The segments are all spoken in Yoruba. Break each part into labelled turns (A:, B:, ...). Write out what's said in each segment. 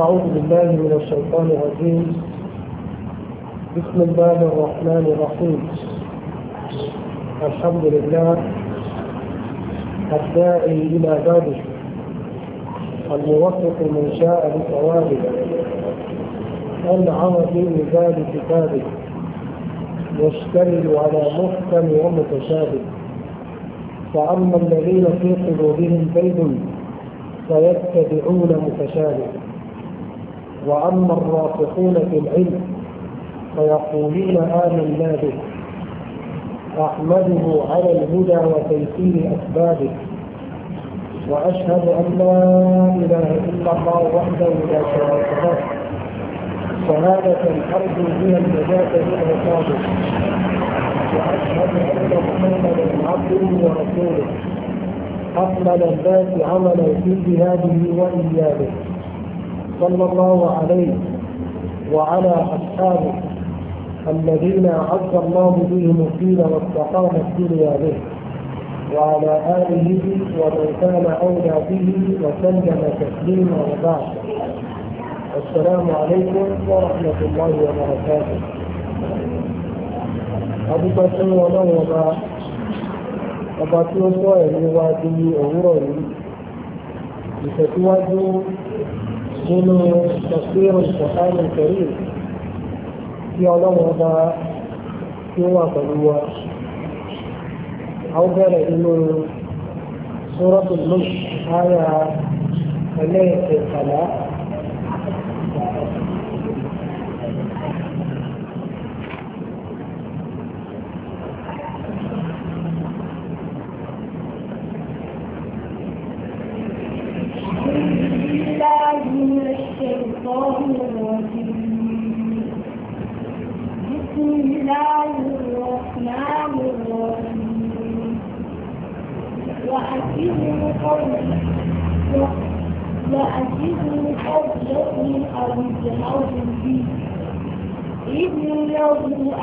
A: أعوذ بالله من الشيطان الرجيم بسم الله الرحمن الرحيم الحمد لله الداعي إلى بابه الموفق من شاء لثوابه أنعم في ميزان كتابه يشتمل على محكم ومتشابه فأما الذين في قلوبهم زيد فيتبعون متشابه وأما الراسخون في العلم فيقولون آمنا به أحمده على الهدى وتيسير أسبابه وأشهد أن لا إله إلا الله وحده لا شريك له شهادة أرجو بها النجاة من عقابه وأشهد أن محمدا عبده ورسوله أكمل الناس عملا في جهاده وإيابه صلى الله عليه وعلى أصحابه الذين أعز الله بهم الدين واستقام الدنيا به وعلى آله ومن كان أولى به وسلم تسليما وبعد السلام عليكم ورحمة الله وبركاته أبو بكر ونوبة ọba tí ó sọ ẹ̀rí wa di òwúrọ̀ yìí ìtẹ̀síwájú nínú tafsir al-Qur'an al-Karim tí ọlọ́run ọba tí ó wà pẹ̀lú wa a ó bẹ̀rẹ̀ nínú Suratul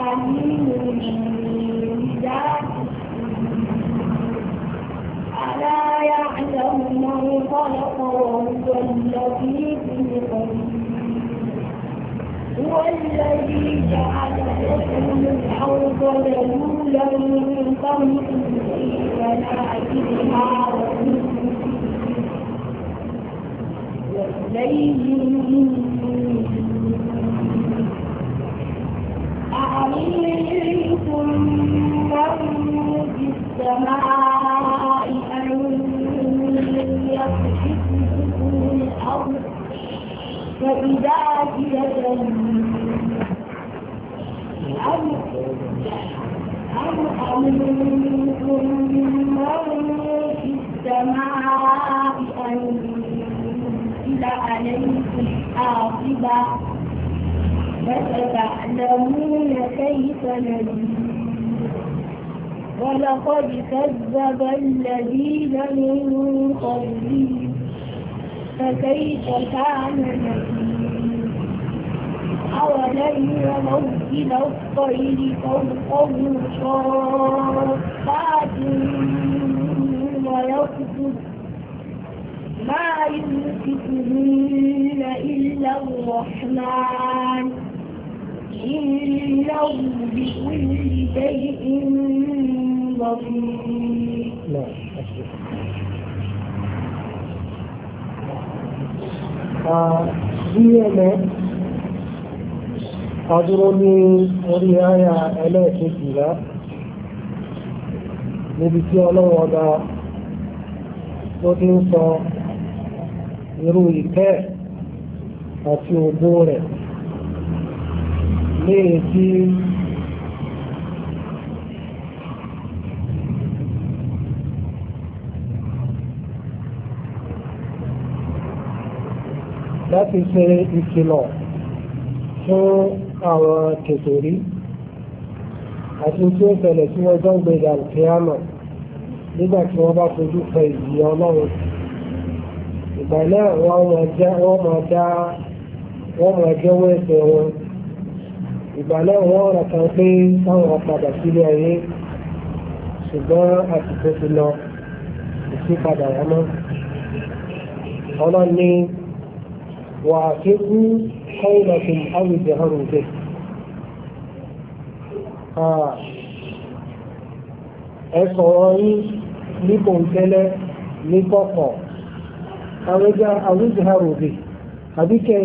B: عليم من ذات ألا يعلم من خلق وهو اللطيف هو الذي جعل لكم الأرض ذلولا فامشوا في مناكبها وإليه عليكم من في السماء أن يخشفكم الأرض فإذا هي أم أم أمنتم من في السماء أن ينزل عليكم حاصبا فستعلمون كيف نذير ولقد كذب الذين من قبلهم فكيف كان نذير أولم يروا إلى الطير فوقهم شرفات ويقصد ما يمسكهن إلا الرحمن إنه بكل شيء
A: بصير díẹ̀lẹ́ adúró ní orí ayá ẹlẹ́ẹ̀kejìlá níbi tí ọlọ́wọ́ ọba tó ti ń sọ irú ìkẹ́ àti ògbó rẹ̀ ìbéèrè tí láti ṣe ìkìlọ̀ fún àwọn kètòrí àti tí ó ṣẹlẹ̀ tí wọ́n jọ ń gbé ìdàrú kíámà nígbà tí wọ́n bá fojú fẹ ìdí ọlọ́run ìgbà náà wọ́n máa jẹ́wọ́ ẹ̀ṣẹ̀ wọn. ìgbà náà wọ́n rọ̀ kan pé káwọn padà sílé ayé ṣùgbọ́n àsìkò ti lọ ìṣípadà wọn mọ́ ọlọ́ni wà á ké kọ́ńdà tó ń áwùjẹ ọrùn bẹ́ẹ̀ ẹ sọ̀rọ̀ yín ní bòńkẹ́lẹ́ ní kọ̀kọ̀ àwùjẹ àbíkẹ́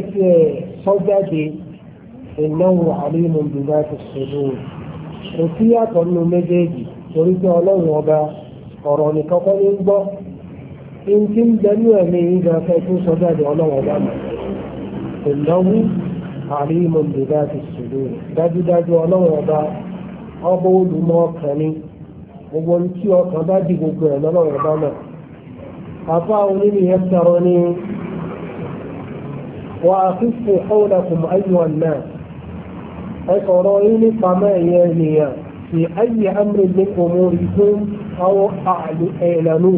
A: إنه عليم بذات الصدور òsì yàtọ̀ nínú méjèèjì torí pé ọlọ́run ọba ọ̀rọ̀ nìkan kọ́ ní ń gbọ́ ní ti ń gbẹ́nu ẹ̀mí ẹ̀sọ̀rọ̀ yín nípa mẹ́ẹ̀yẹ ènìyàn fi ayé amúre ní òmùrí fún àwọn àlù ẹ̀lànà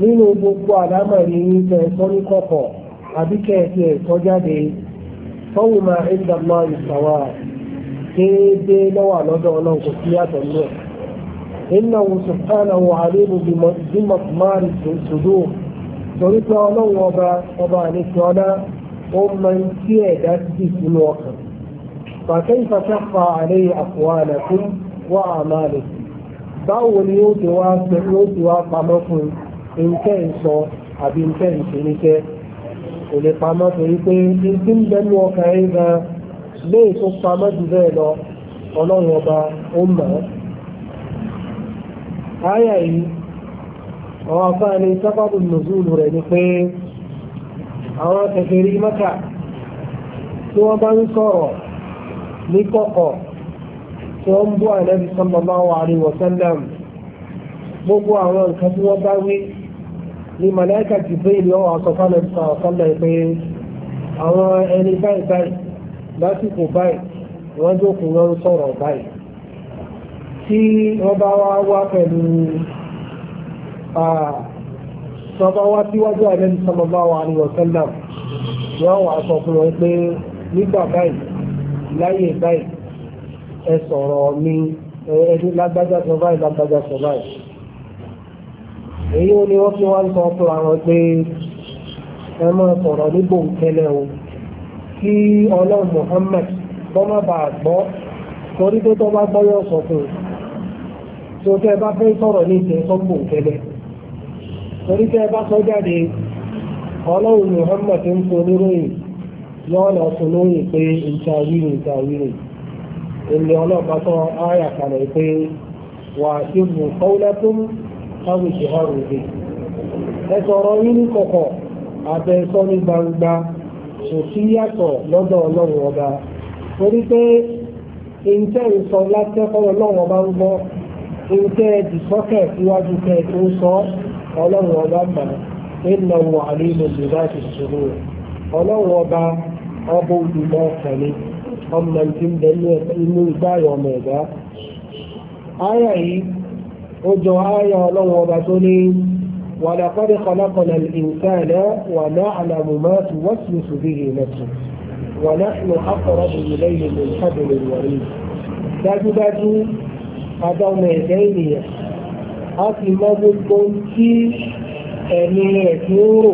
A: nínú gbogbo àlámọ̀rí yín tẹ̀ ẹ̀sọ́ ní kọ̀kọ̀ àbí kẹ́ẹ̀sì ẹ̀sọ́ jáde fọ́wọ́ máa ń dàgbà ìsàwà déédéé lọ́wọ́ ọlọ́run kò sí yàtọ̀ ẹ̀. torí pé ọlọ́run ọba ọba ó máa ń tí ẹ̀dá sí ọkàn فكيف تخفى عليه أقوالكم وأعمالكم báwo ni ó ti wá ó ti wá pamọ́ fún nǹkẹ́ ìsọ àbí nǹkẹ́ ìṣẹ́níṣẹ́ kò lè pamọ́ torí pé ìdí ń bẹnu ọkàn ẹ̀ gan léè tó pamọ́ jù bẹ́ẹ̀ lọ ọlọ́run ọba ó mọ̀ ọ́. àyà yìí àwọn afáàní sábàbù nùzúlù rẹ̀ ni pé àwọn tí wọ́n bá ń sọ̀rọ̀ níkọ̀kọ̀ tí wọ́n ń bú ànábì sallallahu alaihi wasallam gbogbo àwọn nǹkan tí wọ́n bá wí ní màláìkà Jibril lọ́wọ́ àsọ̀fánà sọ̀rọ̀sọ́lá pé àwọn ẹni báyìí báyìí lásìkò báyìí wọ́n jókòó wọn ń sọ̀rọ̀ báyìí tí wọ́n bá wá wá pẹ̀lú sọba wá síwájú ànábì sallallahu alaihi wasallam wọ́n wà sọ fún wọn pé nígbà báyìí láyé báyìí ẹ sọ̀rọ̀ mi ẹni lágbájá sọ báyìí lágbájá sọ báyìí. èyí ó ní wọ́n fi wá ń sọ fún àwọn pé ẹ máa sọ̀rọ̀ ní bòńkẹ́lẹ́ o kí ọlọ́run Muhammad bọ́ má bàa gbọ́ torí pé tó bá gbọ́ yọ sọ fún un tí o tẹ́ ẹ bá fẹ́ sọ̀rọ̀ ní ìṣẹ́ sọ bòńkẹ́lẹ́ torí tẹ́ bá sọ jáde ọlọ́run Muhammad ń sọ oníròyìn lọ́wọ́ lọ sọ lóyìn pé nǹkan wíwì nǹkan wíwì ilé ọlọ́ọ̀bá tó áyà kalẹ̀ pé wà á ti mú kọ́wúlẹ́kùn káwé jìhárù dé ẹ sọ̀rọ̀ yín ní kọ̀kọ̀ abẹ́ sọ ní gbangba kò sí yàtọ̀ lọ́dọ̀ ọlọ́run ọba torí ọlọ́run ọba ń gbọ́ nǹkan àlè ìlú ìdá ìṣòro ọlọ́run ọba ọba olùmọ ọkàn ni ọmọ ìdí ń bẹ inú ìgbáyọ ọmọ ẹ̀dá. Áyà yìí ó jọ áyà ọlọ́run ọba tó ní ولقد خلقنا الإنسان ونعلم ما توسوس به نفسه ونحن أقرب إليه من حبل الوريد dájúdájú adáwọn ẹ̀dá ènìyàn a sì mọ gbogbo tí ẹ̀mí rẹ̀ tí rò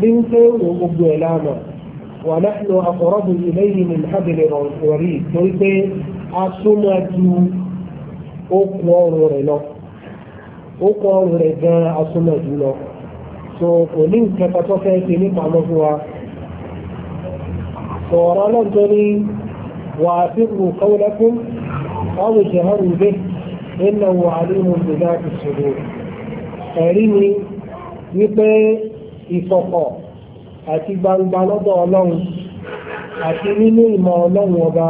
A: bí ń pé òun gbogbo ẹ̀ lánàá ونحن أقرب إليه من حبل الوريد torí pé a súnmọ́ ju okùn ọrùn rẹ̀ lọ okùn ọrùn rẹ̀ gan a súnmọ́ jù lọ so kò ní ìkẹta tó fẹ́ ṣe nípa lọ fún wa sọ̀rọ̀ lọ́jọ́ ní wà á fi rù kọ́wọ́lẹ́kùn ọ̀rùn jẹ̀hárù bẹ́ẹ̀ nínú àlùmọ̀ ìgbéga ìṣòro ẹ̀rí ni wípé ìfọ̀kọ̀ àti gbangba lọ́dọ̀ ọlọ́run àti nínú ìmọ̀ ọlọ́run ọba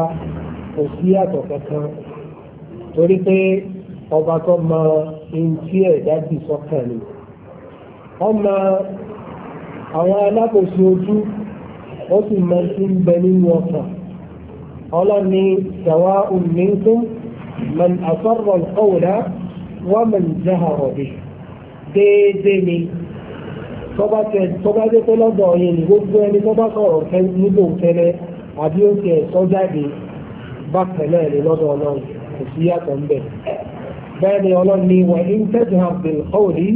A: kò sí àtọ̀ kankan torí pé ọba tó mọ ohun tí ẹ̀dá dì sọ́kàn ni ọmọ àwọn alákòóso ojú ó sì mọ sí ń bẹ nínú ọkàn ọlọ́ni ṣàwá òmìnirin man asọ́rọ̀ ọ̀wọ̀dá wọ́n mọ̀ ní jẹ́ àròdì déédéé ni tọ́ba tẹ tọ́ba jẹ́ pé lọ́dọ̀ ọ̀yẹ́ ni gbogbo ẹni tọ́ba sọ̀rọ̀ níbo kẹlẹ́ àbí ó tẹ ẹ̀sọ́ jáde bá pẹ̀lẹ́ rẹ̀ lọ́dọ̀ ọlọ́run kò sí yàtọ̀ ń bẹ̀. bẹ́ẹ̀ ni ọlọ́run ni wà ní tẹ́sán àbẹ̀lẹ́kọ̀ọ́rí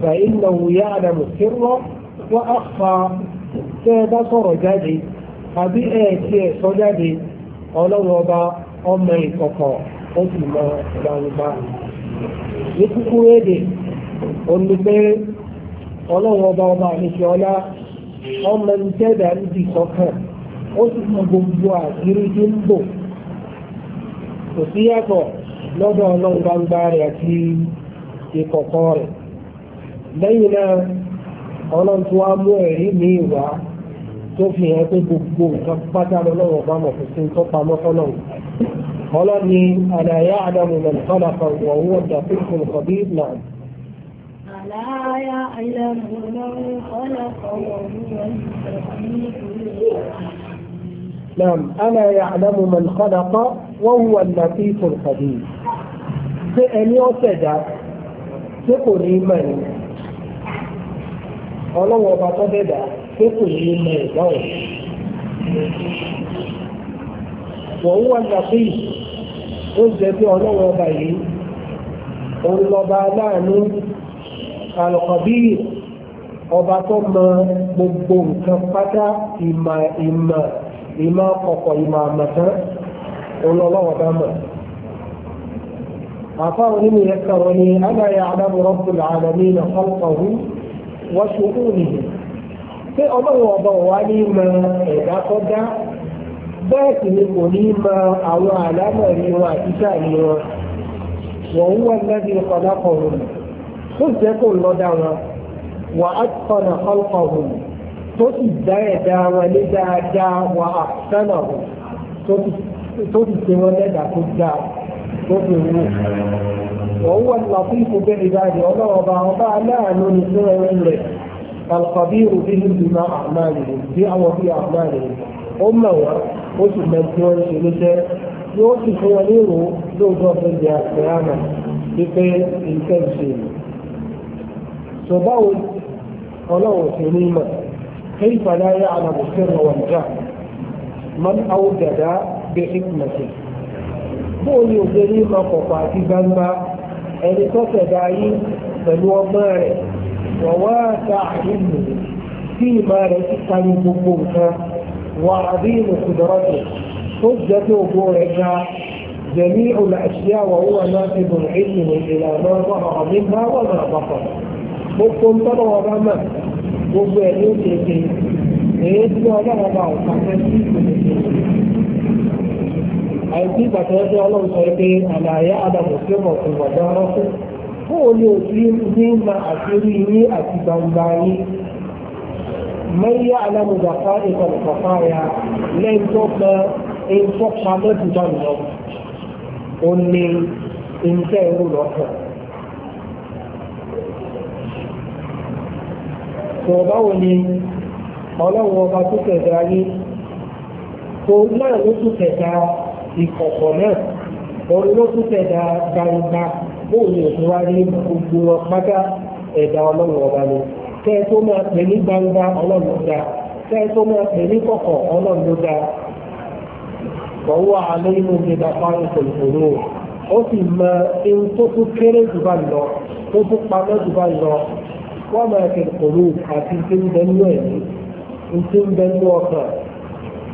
A: fà iná wuyá àdàmù kírọ́ wọ́n á fa tẹ́ ẹ bá sọ̀rọ̀ jáde àbí ẹ̀ tẹ ẹ̀sọ́ jáde ọlọ́run ọba ọmọ ìkọ̀kọ̀ ó sì mọ gbangba. ní kúkúrú èdè ó ní pé ọlọ́run ọba ọba àlejò ọlá ọmọ ẹni tẹ́ẹ̀dá níbi ìkọ̀kan ó sì mọ gbogbo àṣírí tí ń bò kò sí yàtọ̀ lọ́dọ̀ ọlọ́run gbangba rẹ̀ àti ìkọ̀kọ̀ rẹ̀ lẹ́yìn náà ọlọ́run tó wá mú ẹ̀rí mi wá tó fi hàn pé gbogbo nǹkan pátá lọ́wọ́ ọba mọ̀ fún sí tó pamọ́ fọlọ́run ọlọ́run ni àlàyé àdàmù mẹ́lẹ́kọ́lá kan wọ̀ wọ́n dà fún ìkọ̀bí náà. نعم أنا يعلم من خلق وهو اللطيف الخبير بأن يوسد تقريما ọlọ́wọ́ ọba tó dẹ́dà tó kò ní mọ ẹ̀dá ọ̀ wọ́n wà nàbí ó jẹ́ bí ọlọ́wọ́ ọba yìí òun lọ́ba aláàánú alkhabir ọba tó mọ gbogbo nǹkan pátá ìmọ̀ ìmọ̀ ìmọ̀ ọkọ̀ ìmọ̀ àmọ̀tán olólọ́wọ́ bá mọ̀. àfáwọn nínú yẹn sọ̀rọ̀ ni aláya adámu rabbul alamin khalqahu wa shu'unihi. pé ọlọ́run ọba wa ní mọ ẹ̀dá tó dá bẹ́ẹ̀ sì ni kò ní mọ àwọn àlámọ̀ rí wọn àti sáà rí wọn. wa huwa alladhi tó jẹ́ kó lọ́dà wọn wà á tọ̀nà ọ̀pọ̀ hùn tó sì dá ẹ̀dá wọn lé dáadáa wà á tọ̀nà hùn tó sì ṣe wọn lẹ́dà tó dáa tó fi wù. wọ́n wà láti ìfò bẹ́ẹ̀ ìdájọ́ ọlọ́wọ́ bá wọn bá aláàánú ní fún ẹrú rẹ̀ الخبير بهم بما أعمالهم بأو في أعمالهم أما oṣù mẹ́tọ́ ìṣẹ̀lẹ́ṣẹ́ yóò sì fún wọn nírò lóòótọ́ fún ìyá ìyá náà wípé nǹkan ìṣẹ̀lẹ̀ ṣùgbọ́n ọlọ́run ṣe ní mọ̀ كيف لا يعلم السر والجهل من أوجد بحكمته bóun ni òṣèré máa kọ̀kọ̀ àti gbangba ẹni tó ṣẹ̀dá ayé pẹ̀lú ọmọ rẹ̀ wọ̀wá ta àìlù tí ìmọ̀ rẹ̀ ti tayọ gbogbo nǹkan wà àbí ìmùsùlọ́rọ̀tò tó jẹ́ pé ògbó rẹ̀ ga jẹ̀mí ọ̀là ẹ̀ṣẹ́ àwọn òwò náà ti bùrù ìlú ìlànà ọgbà ọ̀mí máa wà náà bàtà gbogbo tọ́lọ̀ ọba mọ̀ gbogbo ẹ̀ ló ṣe ṣe èyí tí ọlọ́run ọba ọ̀pá fẹ́ sí ìpínlẹ̀ àìsí ìpàtẹ́wọ́sẹ́ ọlọ́run sọ pé àlàyé adamu tí ó mọ̀ fún ọ̀dọ́ ọlọ́fẹ́ fún òní òsì ní ma àṣírí yín àti gbangba yín mẹ́yà alámùdàfá ìkọ̀lùkọ̀fá ya lẹ́yìn tó pẹ́ ẹ̀ńtọ́pamẹ́tì dánù lọ. ó ní ìǹkẹ́ ìrù lọ́kàn. ẹ̀sùn báwo ni ọlọ́run ọba tó tẹ̀dá yé òun náà ló tún tẹ̀dá ìkọ̀kọ̀ náà òun ló tún tẹ̀dá gbangba bóun ni òun wá ní gbogbo wọn ẹ̀dá ọlọ́run ọba ni kẹ́ ẹ tó máa pè ní gbangba ọlọ́run ló dáa kẹ́ ẹ tó máa pè ní kọ̀kọ̀ ọlọ́run ló dáa wọ́wọ́ alẹ́ inú ìgbà fáwọn ìṣòro ó sì mọ ohun tó tún kéré jù bá lọ tó tún pamọ́ jù bá lọ wọ́n máa fi kòló àti tí ń bẹnu ẹ̀mí ń tí ń bẹnu ọkàn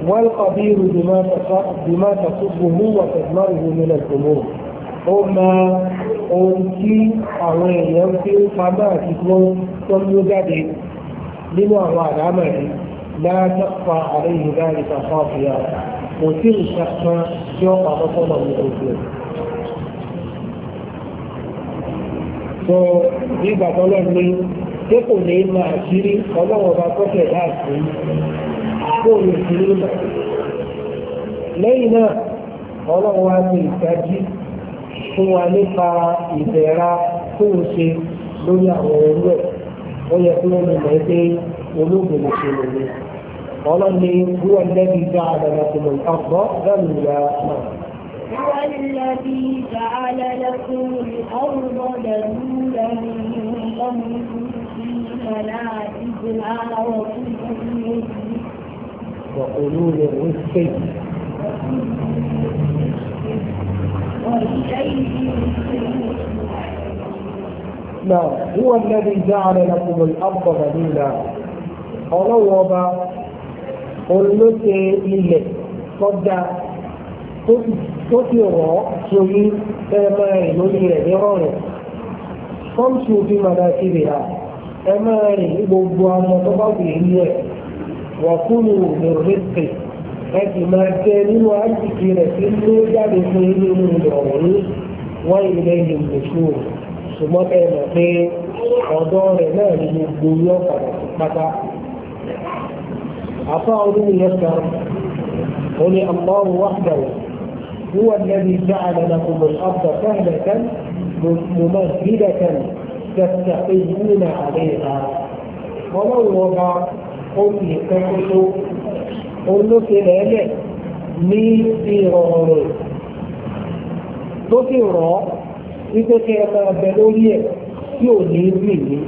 A: wọ́n kọ̀bí irú bímá tàkùkù mú wàtẹ̀gbọ́n ìwé nílẹ̀ tòmó ó máa ohun tí àwọn èèyàn fi ń pamọ́ àti tí wọ́n tó ń jáde nínú àwọn àdámà yìí látàkpa àríyìn dáadé kàkọ́ àfihàn kò sí ìṣàkàn tí ó pamọ́ fọ́nà ní ojú tó nígbà tọ́lọ́ ní pé kò ní máa ṣírí ọlọ́wọ́ ọba kọ́tẹ̀ láàṣì kó lè sí nígbà. lẹ́yìn náà wa ti ìtají fún wa nípa ìbẹ̀ra tó ń ṣe lórí àwọn ẹ̀ ó yẹ kí wọ́n mọ̀ pé olóògùn lè ṣe ọlọ́ni lẹ́bi lẹ́nu ìyá náà.
B: هو الذي جعل لكم الأرض ذلولا فامشوا في مناكبها
A: وقلوا للرزق نعم هو الذي جعل لكم الأرض ذلولا ọlọ́wọ́ tó ti rọ̀ ọ́ sórí ẹ̀ẹ́mà rìn lórí rẹ̀ ní ọ̀rẹ́ fọ́ǹtù bí màdá ti rè ha ẹ̀ẹ́mà rìn ní gbogbo ọmọ tó bá wù ní ẹ̀ wà kúrò ní rẹ́pẹ̀ ẹ sì máa jẹ nínú àjèjì rẹ̀ tí ń lé jáde fún inú ìrọ̀rùn wọ́n ilé ìlú ṣùgbọ́n ẹ mọ̀ pé ọ̀dọ́ rẹ̀ náà ni gbogbo yọ padà sí pátá. àfa ọdún yẹn kan ó ní àmọ́ wàhálà هو الذي جعل لكم الارض سهلة ممهدة تستقيمون عليها ومن وضع قل لي تكتو قل لي ميرور تكتو إذا كان بلولية يولي به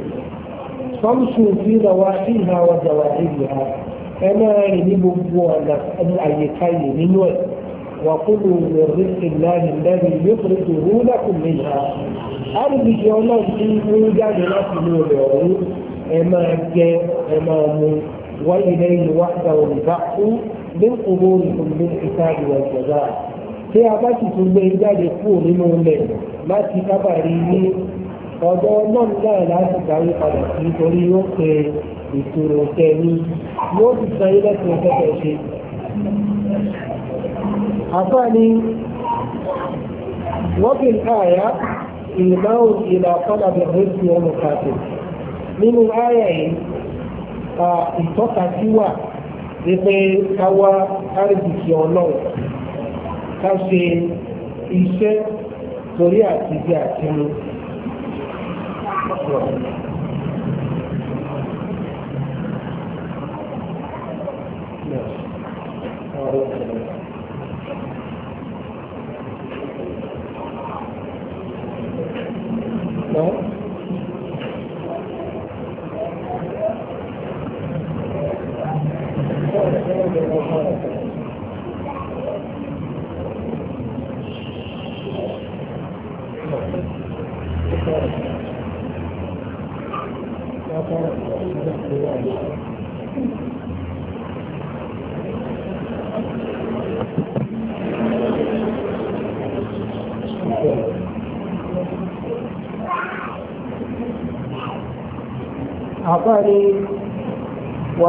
A: تمشي في نواحيها وزواحيها أنا أعلم يعني بوالك أن أعلم بوالك وكلوا من رزق الله الذي يخرجه لكم منها àrùbìkì ọlọ́run tí ó jáde láti inú rẹ̀ ọ̀hún ẹ máa jẹ ẹ máa mu wá ilé ìwà ìdáwọ̀ ìbá fún ní kúrò ìkùnlé ìta ìwà ìjọba tí a bá sì tún gbé jáde kúrò nínú rẹ̀ láti kábàárí ní ọ̀dọ̀ ọlọ́run náà láti darí padà sí nítorí yóò pe ìṣòro tẹ̀ ní yóò sì san ilé tí ó fẹ́ fẹ́ ṣe. عفاني وفي الآية إيمان إلى طلب الرزق ومكاتب من الآية ìtọ́ka sí wà wípé ká wá árìbìtì ọlọ́run ká ṣe iṣẹ́ àti mu.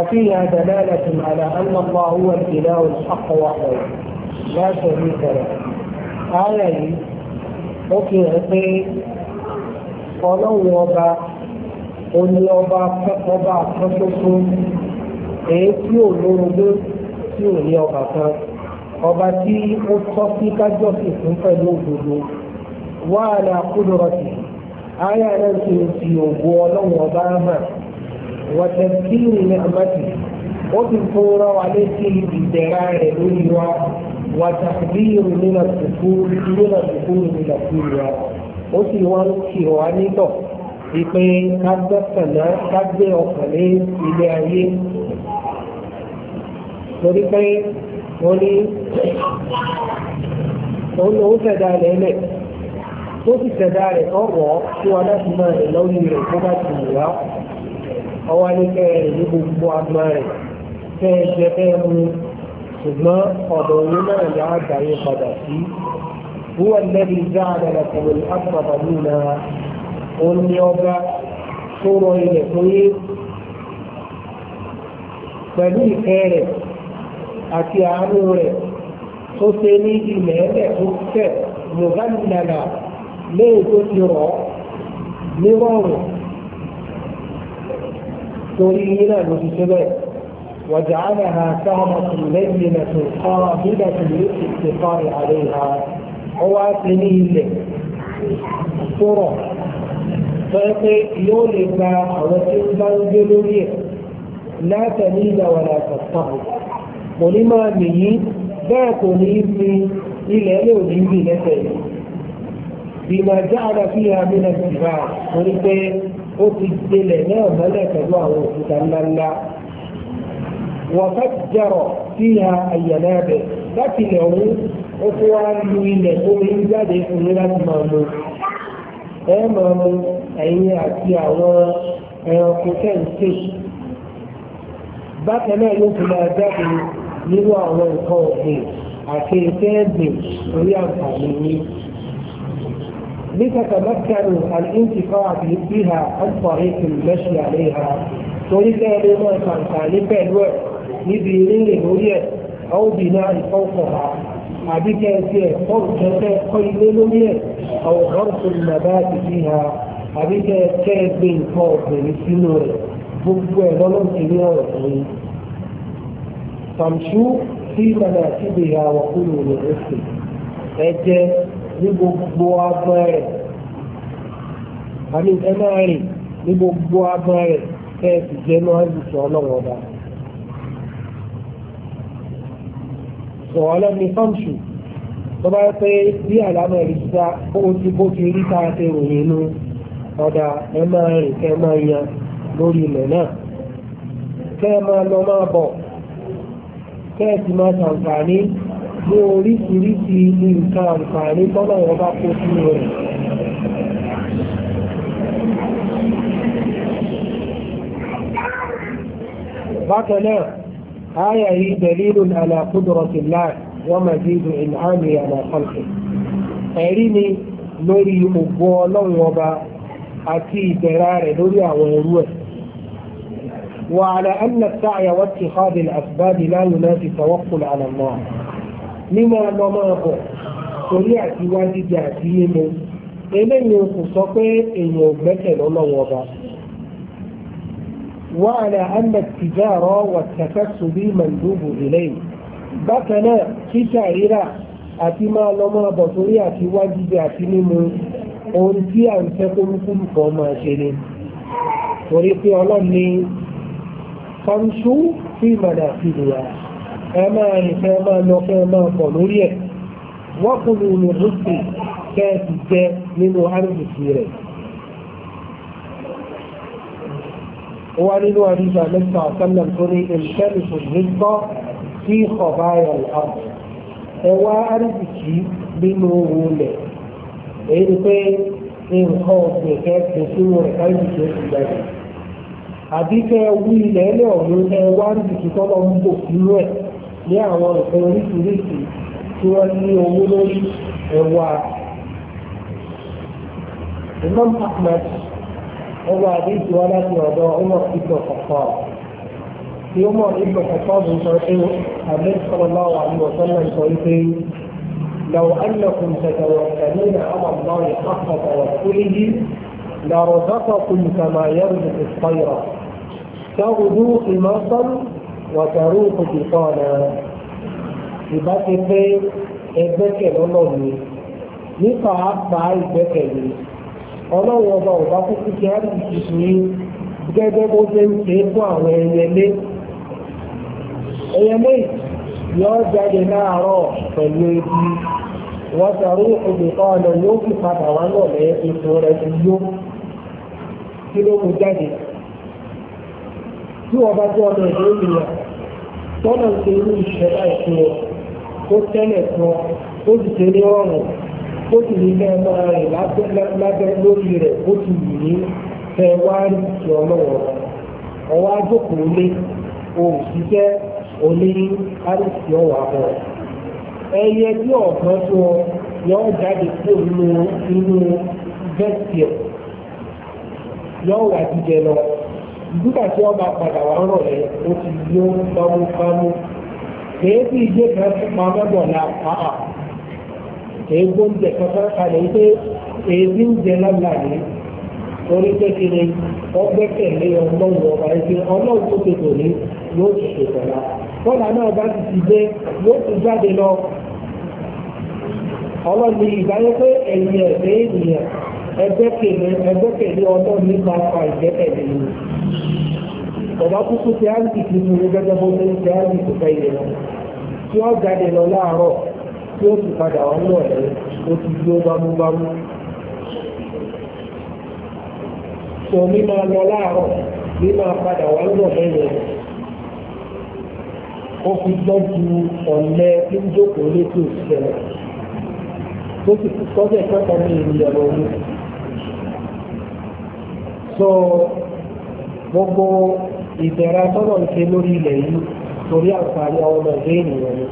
A: وفيها دلالة على أن الله هو الإله الحق وحده لا شريك له آية وفي عقيد قالوا وبا قل وبا وبا قصص èyí ò lórogó tí ò ní ọba kan ọba tí ó tọ́ sí kájọ́ sí fún pẹ̀lú òdodo wàhálà kúdọ̀rọ̀tì ayé rẹ̀ ti fi ògo ọlọ́run ọba hàn وتذكير نعمته وتذكر عليه بالدراع الدنيا وتحذير من الدخول من الدخول الى الدنيا وتوان كيوانيتو ipe kágbẹ́sẹ̀lẹ́ kágbé ọkàn ní ilé ayé torí pé wọ́n ní òun lòún fẹ̀dá lẹ́lẹ̀ tó sì fẹ̀dá rẹ̀ ọ̀rọ̀ tí wọn láti máa rẹ̀ lórí rẹ̀ tó bá ti wù wá ọwọ́ ní kẹrin ní gbogbo agbá rẹ̀ kẹ́ ẹ jẹ bẹ́ẹ̀ mu ṣùgbọ́n ọ̀dọ̀ òun náà ní àgbáyé padà sí. Wúwà lẹ́bi dáadáa lọ́kùnrin ní àpapọ̀ ní ìlà òun ní ọba tó rọ ilẹ̀ fún yé. Pẹ̀lú ìfẹ́ rẹ̀ àti àánú rẹ̀ tó ṣe ní ilẹ̀ ẹ̀lẹ̀ tó tẹ̀ Yorùbá nìlànà léè tó ti rọ̀ ní rọrùn. سريلا بالسماء وجعلها سهمة لينة قابلة للاستقرار عليها هو سنين سرى طيب، فيقي يولد وسيم الجنونيه لا تميل ولا تضطر ولما ميت لا تنيب الى يولد نفسه بما جعل فيها من الجبال ولكي ó ti gbélé náà mọ́lẹ̀ pẹ̀lú àwọn òkúta ńláńlá wọ́n fẹ́ jẹ̀rọ̀ sí ha àyẹ̀lẹ́ rẹ̀ láti ilẹ̀ ọ̀hún ó tún wá lu ilẹ̀ omi jáde omi láti máa mu ẹ máa mu ẹ̀yin àti àwọn ẹranko kẹ́ǹtì bákan náà máa jáde nínú àwọn nǹkan ọ̀gbìn àti ìtẹ́ẹ̀gbìn orí àǹfààní لتتمكنوا الانتفاع بها عن طريق المشي عليها تريد أن يكون ذلك الوقت لبيرين الهوية أو بناء فوقها àbíkẹ́ ẹ̀sí ẹ̀ fọ́nkẹ́kẹ́ kọ́ ilé lórí ẹ̀ àwọn ọ̀rọ̀kùn nàbá ti fi ha àbíkẹ́ ẹ̀kẹ́ ẹgbẹ́ nǹkan ọ̀gbẹ̀rẹ̀ sínú rẹ̀ gbogbo ẹ̀ lọ́lọ́n ti ní ọ̀rọ̀ rẹ̀. tàmṣú sí ìmọ̀nà àti ìgbéyàwó kúrò rẹ̀ ẹ̀sìn ẹ̀jẹ̀ ní gbogbo agbọn rẹ̀ àmì ẹ máa rìn ní gbogbo agbọn rẹ̀ kẹ́ ẹ sì jẹ́ náà ẹ̀sìn sọ ọlọ́run ọba. sọ̀rọ̀ ọlọ́ni fọ́ǹṣù tó bá pé bí àlámọ̀ ìrìsà ó ti bó ti rí ká ṣe ròyìn inú ọ̀dà ẹ máa rìn kẹ́ máa yan lórí ilẹ̀ náà kẹ́ máa lọ máa bọ̀ kẹ́ ẹ máa ṣàǹfààní ní oríṣiríṣi nǹkan àǹfààní tọ́lọ̀ wọn kó sínú rẹ̀ آية هي دليل على قدرة الله ومزيد إنعامه على خلقه أريني lórí ògbó ọlọ́run ọba àti ìbẹ̀rẹ̀ rẹ̀ lórí àwọn ẹrú ẹ̀. وعلى أن السعي واتخاذ الأسباب لا ينافي التوكل على الله mímọ́ lọ máa bọ̀ torí àti wá jíjẹ àti mímu eléyìí kò sọ pé èèyàn ò gbẹ́kẹ̀ lọ́lọ́wọ́ ọba. وعلى أن التجارة والتكسب مندوب إليه بكنا كتائرة àti máa lọ máa bọ̀ sórí àti wá jíjẹ àti mímu ohun tí à ń fẹ́ kórúkúrúkọ máa ṣe ni torí pé ọlọ́run ni kọ́ńṣú fún ìmọ̀lẹ̀ àti ìlúwa ẹ máa rìn kẹ́ ẹ máa lọ kẹ́ ẹ máa pọ̀ lórí ẹ̀ wọ́n kún mi ní rúkì kẹ́ ẹ sì jẹ nínú àrùbùsì rẹ̀. ó wá nínú àdúgbò àmẹ́ta ọ̀sánlẹ̀ tó ní ìṣẹ́lẹ̀ kò ní gbọ́ sí ọ̀bá ẹ̀ ọ̀hún. ẹ wá àrùbùsì nínú owó lẹ̀ èyí ni pé nǹkan ọ̀gbìn kẹ́ ẹ sínú rẹ̀ káyọ̀dùsì ó ti jáde àbí kẹ́ ẹ ilẹ̀ ẹlẹ́ ọ̀hún ẹ wá àrùbùsì tọ́lọ́ ń bò sínú ẹ̀. ní àwọn nǹkan oríṣiríṣi tí wọ́n ní owó lórí ẹ̀wà. Imam ahmed ẹwà àdéhùn wa láti ọ̀dọ̀ Umar ibn Khattab. Tí Umar ibn Khattab ń sọ pé Ahmed sallallahu alaihi wa sallam ń sọ pé لو أنكم تتوكلون على الله حق توكله لرزقكم كما يرزق الطير تغدو خماصا wàtàrúùkù ti kọ́ ọ̀nà ìbá ti pé ẹgbẹ́kẹ̀ lọ́nà mi ní pàápàá ìgbẹ́kẹ̀lé ọlọ́run ọba ọba kúkú ti á ti ti ní gẹ́gẹ́ bó ṣe ń ṣe fún àwọn ẹyẹlé ẹyẹlé yóò jáde láàárọ̀ pẹ̀lú ebi wọ́n ṣàrúùkù ti kọ́ ọ̀nà yóò fi padà wá náà lẹ́yìn ètò rẹ̀ ti yó kí ló mú jáde tí wọ́n bá jẹ́ ọ̀nà ìdílé nìyẹn tọ́nà ń ṣe irú ìṣẹ̀dá ọ ó tẹ́lẹ̀ fún ó sì ṣe ní ọ̀rùn ó sì ní kẹ́ máa rìn lábẹ́ lórí rẹ̀ ó sì yì ní fẹ́ wá rí ti ọlọ́wọ́ ọwọ́ ajókòó lé òṣìṣẹ́ òní àríṣì ọ̀wà bọ̀ ẹyẹ tí ọ̀gbọ́n tó yọ jáde kúrò nínú inú vẹ́sìtì yọ wà jíjẹ lọ. nígbà tí wọ́n bá padà wá rọ̀ ẹ́ ó ti yó kámúkámú kèé ìjẹ́ kan fún pamọ́dọ̀ náà kan kalẹ̀ wípé èébí ń jẹ ọlọ́run ọba ọlọ́run tó tètò ní yóò ti ṣètò la bọ́lá náà bá ti ti dé yóò ti jáde lọ ọlọ́run ní pé ẹ̀yìn ọlọ́run nípa ọ̀pá ìgbẹ́kẹ̀lé yìí. bàbá kúkú ti áńtì ti mú ní gẹ́gẹ́ bó ṣe ń ti áńtì tó fẹ́ yẹ lọ tí ó jáde lọ láàárọ̀ tí ó sì padà wọn lọ ẹ̀ ó ti dúró bámúbámú. sọ mi máa lọ láàárọ̀ mi máa padà wọn lọ lẹ́yìn ó fi gbọ́jú ọ̀lẹ́ tí ń jókòó létí òṣìṣẹ́ tó sì kọ́jọ́ ìkọ́kọ́ ní ìrìnàlọ́wọ́. sọ gbogbo ìbẹ̀rẹ̀ atọ́nà ń ṣe lórí ilẹ̀ yìí torí àǹfààní àwọn ọmọ ẹ̀dẹ́ ènìyàn ni.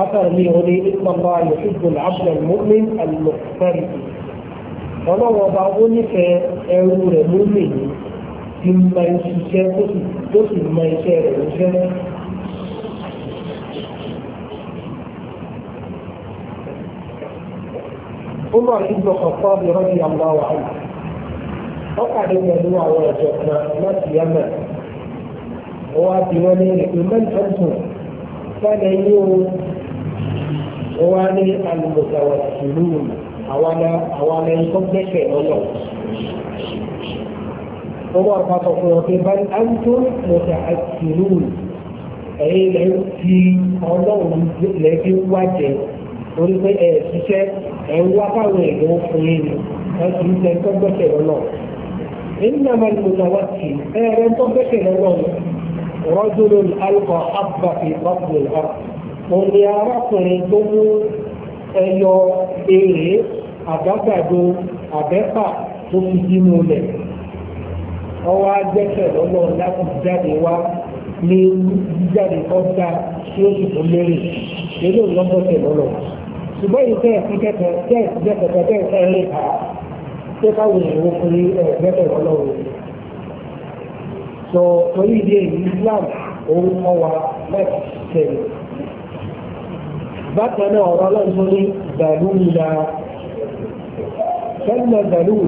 A: afẹ́rẹ́ mi ò ní ìpamọ́ ayọ̀ ìgbòlá abdul mu'min al-muqtari ọlọ́wọ́ ọba ó nífẹ̀ẹ́ ẹrú rẹ̀ múlẹ̀ yìí ti mọ iṣẹ́ tó sì mọ iṣẹ́ rẹ̀ níṣẹ́. Umar ibn Khattab radiyallahu anhu ó pàdé pẹ̀lú àwọn ẹ̀jọ̀ kan láti yámẹ̀ wọ́n á bí wọ́n ní ìpínlẹ̀ sọ́nà yìí o ó wá ní alùpùpù ìlú àwọn ẹni tó gbẹ́kẹ̀ lọ́lọ́ ó wà pàtó fún ọ̀pẹ bá ní àǹtó ìlú إنما المتوكل أي أن تبكي رجل ألقى حبة في بطن الأرض òun ni arákùnrin tó mú ẹyọ èrè àbágbàdo àbẹ́fà tó fi dínú lẹ̀ ọwọ́ ajẹ́kẹ̀ lọ́lọ́ láti jáde wá ní jíjáde ọjà tí ó sì tún lérè èlò lọ́bọ̀tẹ̀ lọ́lọ́ ṣùgbọ́n ìfẹ́ ẹ̀sìn kẹta tẹ́ẹ̀sì jẹ́ kẹta tẹ́ẹ̀sì ẹ̀rẹ́ kàá pé káwọn èèyàn wọ́n pé ẹ̀ẹ́dẹ́gbẹ̀ ọlọ́run sọ torí ìdí èyí Islam òun kọ́ wa láti tẹ̀lé bákan náà ọ̀rọ̀ ọlọ́run tó ní dàlúù la kẹ́lẹ̀ dàlúù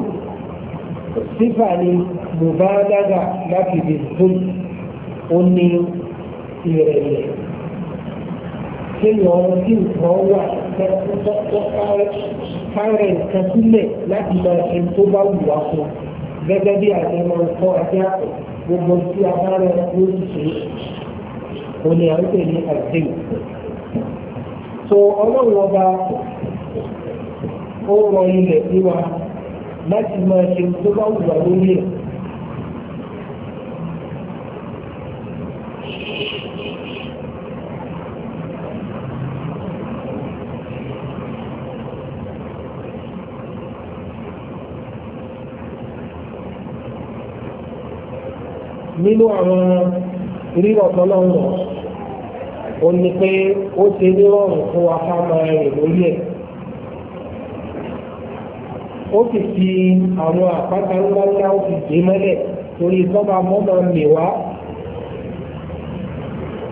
A: sífà ni mùbálágà láti fi dùn ó ní ìrẹ̀lẹ̀ kéèyàn ọ̀rọ̀ tí nǹkan wà nǹkan tó kárẹ̀ nǹkan sílẹ̀ láti lọ ẹni tó bá wù wá fún gẹ́gẹ́ bí àti ọmọ ọkọ àti àpò gbogbo tí a bá rẹ̀ ló ti ṣe ò ní à ń pè ní àdéhùn. so ọlọ́run ọba ó rọ ilẹ̀ sí wa láti máa ṣe tó bá wù wá lórí ẹ̀. nínú àwọn rírọ̀ tọ́lọ́run ó ní pé ó ṣe nírọ̀rùn fún wa ká máa rìn lórí ẹ̀ ó sì fi àwọn àpáta ńláńlá ó fi dé mọ́lẹ̀ torí sọ́ba mọ́mọ́ mi wá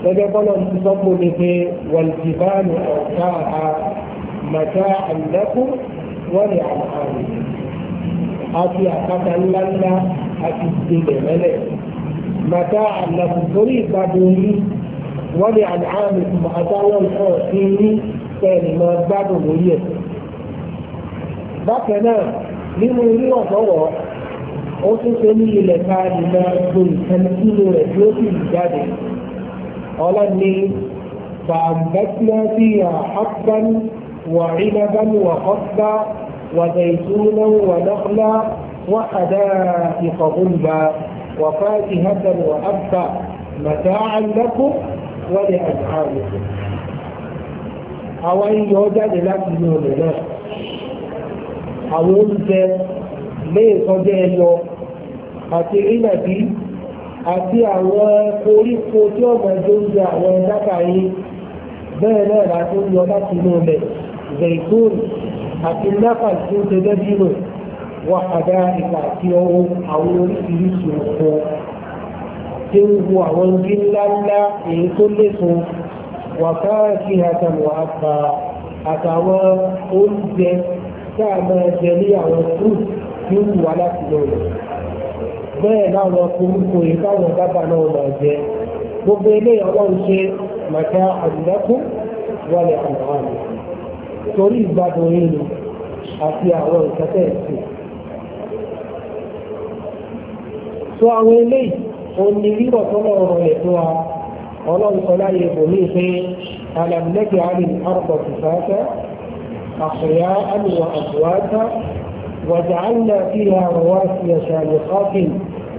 A: gẹ́gẹ́ bọ́lá ti sọ pé ní pé wàlùjìbáàlù ọ̀tá a màtá àlẹ́kùn wọ́n ní àlàáfíà àti àpáta ńláńlá àti ìdílé mẹ́lẹ̀ màtá àlàkù torí ìgbádùn yìí wọ́n lè àlàámi àtàwọn nǹkan ìní tẹ̀lé máa gbádùn lórí ẹ̀. bákan náà nínú ilé ọ̀sọ́wọ́ ó tún ṣe ní ilẹ̀ káàdì náà gbòòrò kan nínú rẹ̀ tí ó sì jáde ọlọ́ni فأنبتنا فيها حبا وعنبا وقصبا وزيتونا ونخلا وحدائق غلبا وفاكهة وأبا متاعا لكم ولأزعامكم àwọn yíyọ jáde láti inú ọ̀nà náà àwọn oúnjẹ léèkọjẹ́ ẹyọ àti ìrìnàbí àti àwọn koríko tí ọ̀nà oúnjẹ àwọn dábàá yìí bẹ́ẹ̀ náà láti ń yọ láti inú ọ̀nà zaitun àti nápà tí ó ṣe dẹ́bí rẹ̀ wọ́n padà ìgbà tí ó àwọn oríṣiríṣi oko tí ó wo àwọn igi ńláńlá èyí tó lékun wọ́n fẹ́rẹ̀ sí àtàwọn àgbà àtàwọn oúnjẹ tá a máa jẹ ní àwọn fruit tí ó wù láti lọ rẹ̀ bẹ́ẹ̀ láwọn koríko èyí táwọn dábàá náà máa jẹ gbogbo eléyàwó ọlọ́run ṣe màkà àdìdákú wọlé àgbà torí ìgbàdùn yìí àti àwọn ìkẹtẹ̀ ìsìn tó àwọn eléyìí òun ni rírọ̀ tọ́lọ̀ ọ̀rọ̀ rẹ̀ tó wa ọlọ́run sọ láyé òní pé alàmúlẹ́kì àárín àrùkọ̀ kìfàáta àṣìyá àlùwà àbúwáta وجعلنا فيها رواسي شامخات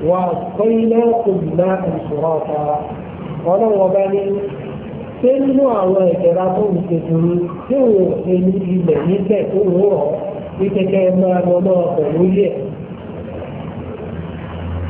A: واسقيناكم ماء صراطا ọlọ́run ọba ní ṣé nínú àwọn ìjọra tó ń ṣètòrò tí òun ò ṣe ní ilẹ̀ níbẹ̀ tó ń rọ̀ ní kẹ́kẹ́ máa lọ náà pẹ̀lú yẹ̀.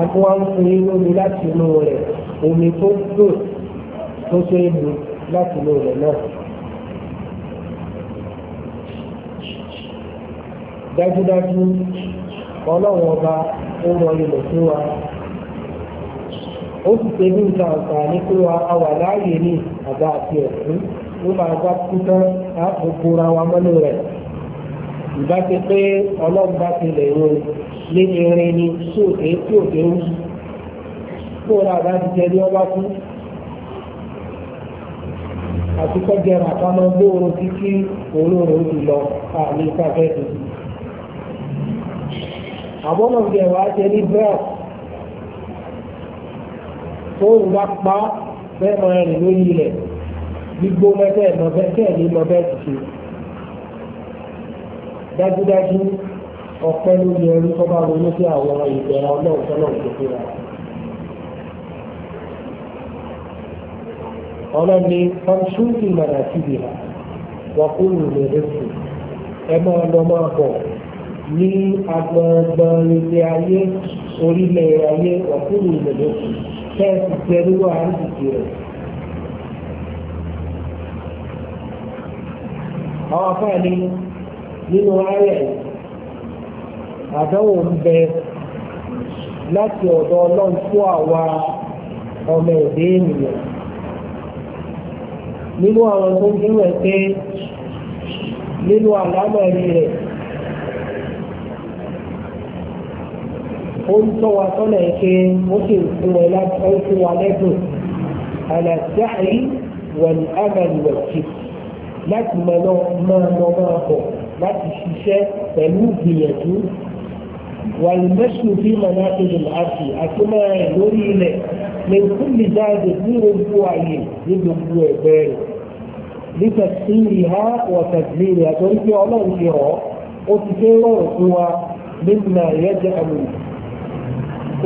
A: àti wọn ń fún yín lómi láti inú rẹ̀ omi tó dùn tó ṣe é mu láti inú rẹ̀ náà. dájúdájú ọlọ́run ọba ó mọ ilẹ̀ fún wa ó wa a wà láàyè ní àgbà àti ẹ̀sìn ó máa gbá kú á gbogbo ra wa rẹ̀. ìbá ti pé ọlọ́run bá ti lè ro ní irin ni tí òde tí òde ń kó ra bá ti jẹ ní ọba kú àti kọjá àpamọ́ gbóòrò títí olóró ti lọ àmì ìpàgẹ́ tó ti. àbọ̀nà ìjẹ̀wà jẹ ní bẹ́ẹ̀ tóun bá pa bẹ́ẹ̀ máa rìn lórí ilẹ̀ gbígbó mẹ́tẹ́ẹ̀ mọ́fẹ́ ní mọ́fẹ́ ti ṣe dájúdájú ọpẹ́ lórí ẹrú tó bá ronú sí àwọn ìbẹ̀rẹ̀ ọlọ́run tọ́lọ̀ tó fi ra. ọlọ́ni fọ́nṣúùtì mọ̀nà síbi rà wọ́n kú ìrìn lẹ́sìn ẹ máa lọ máa bọ̀ ní agbọ̀ngbọ̀n ilé ayé orílẹ̀ ayé wọ́n kú ìrìn lẹ́sìn kẹ́ẹ̀sì jẹ́ níwọ̀ àríṣìṣì rẹ̀. àwọn afáàní nínú ayẹ̀ àdánwò ń bẹ láti ọ̀dọ̀ ọlọ́run fún àwa ọmọ èdè ènìyàn nínú àwọn tó ń dúró ẹ nínú àlámọ̀ ẹ̀rí rẹ̀ ó ń tọ́ wa sọ́nà ẹ̀ ó sì ń fún ẹ láti ó ń fún wa lẹ́dùn àlàjáì wọ̀n àmàlùwẹ̀kì láti mọ̀ náà máa lọ máa bọ̀ láti ṣiṣẹ́ pẹ̀lú ìgbìyànjú wàlùmẹ́sùn bí mọ̀nà kejì àti àtúmọ̀ rẹ̀ lórí ilẹ̀ lè kún lè jáde ní gbogbo ààyè ní gbogbo ẹ̀gbẹ́ rẹ̀ nípa sí ìhá wọ̀tà ìlérí àtọ́rí pé ọlọ́run ti hàn ó ti fẹ́ rọrùn fún wa nínú àyẹ̀jẹ̀ àmì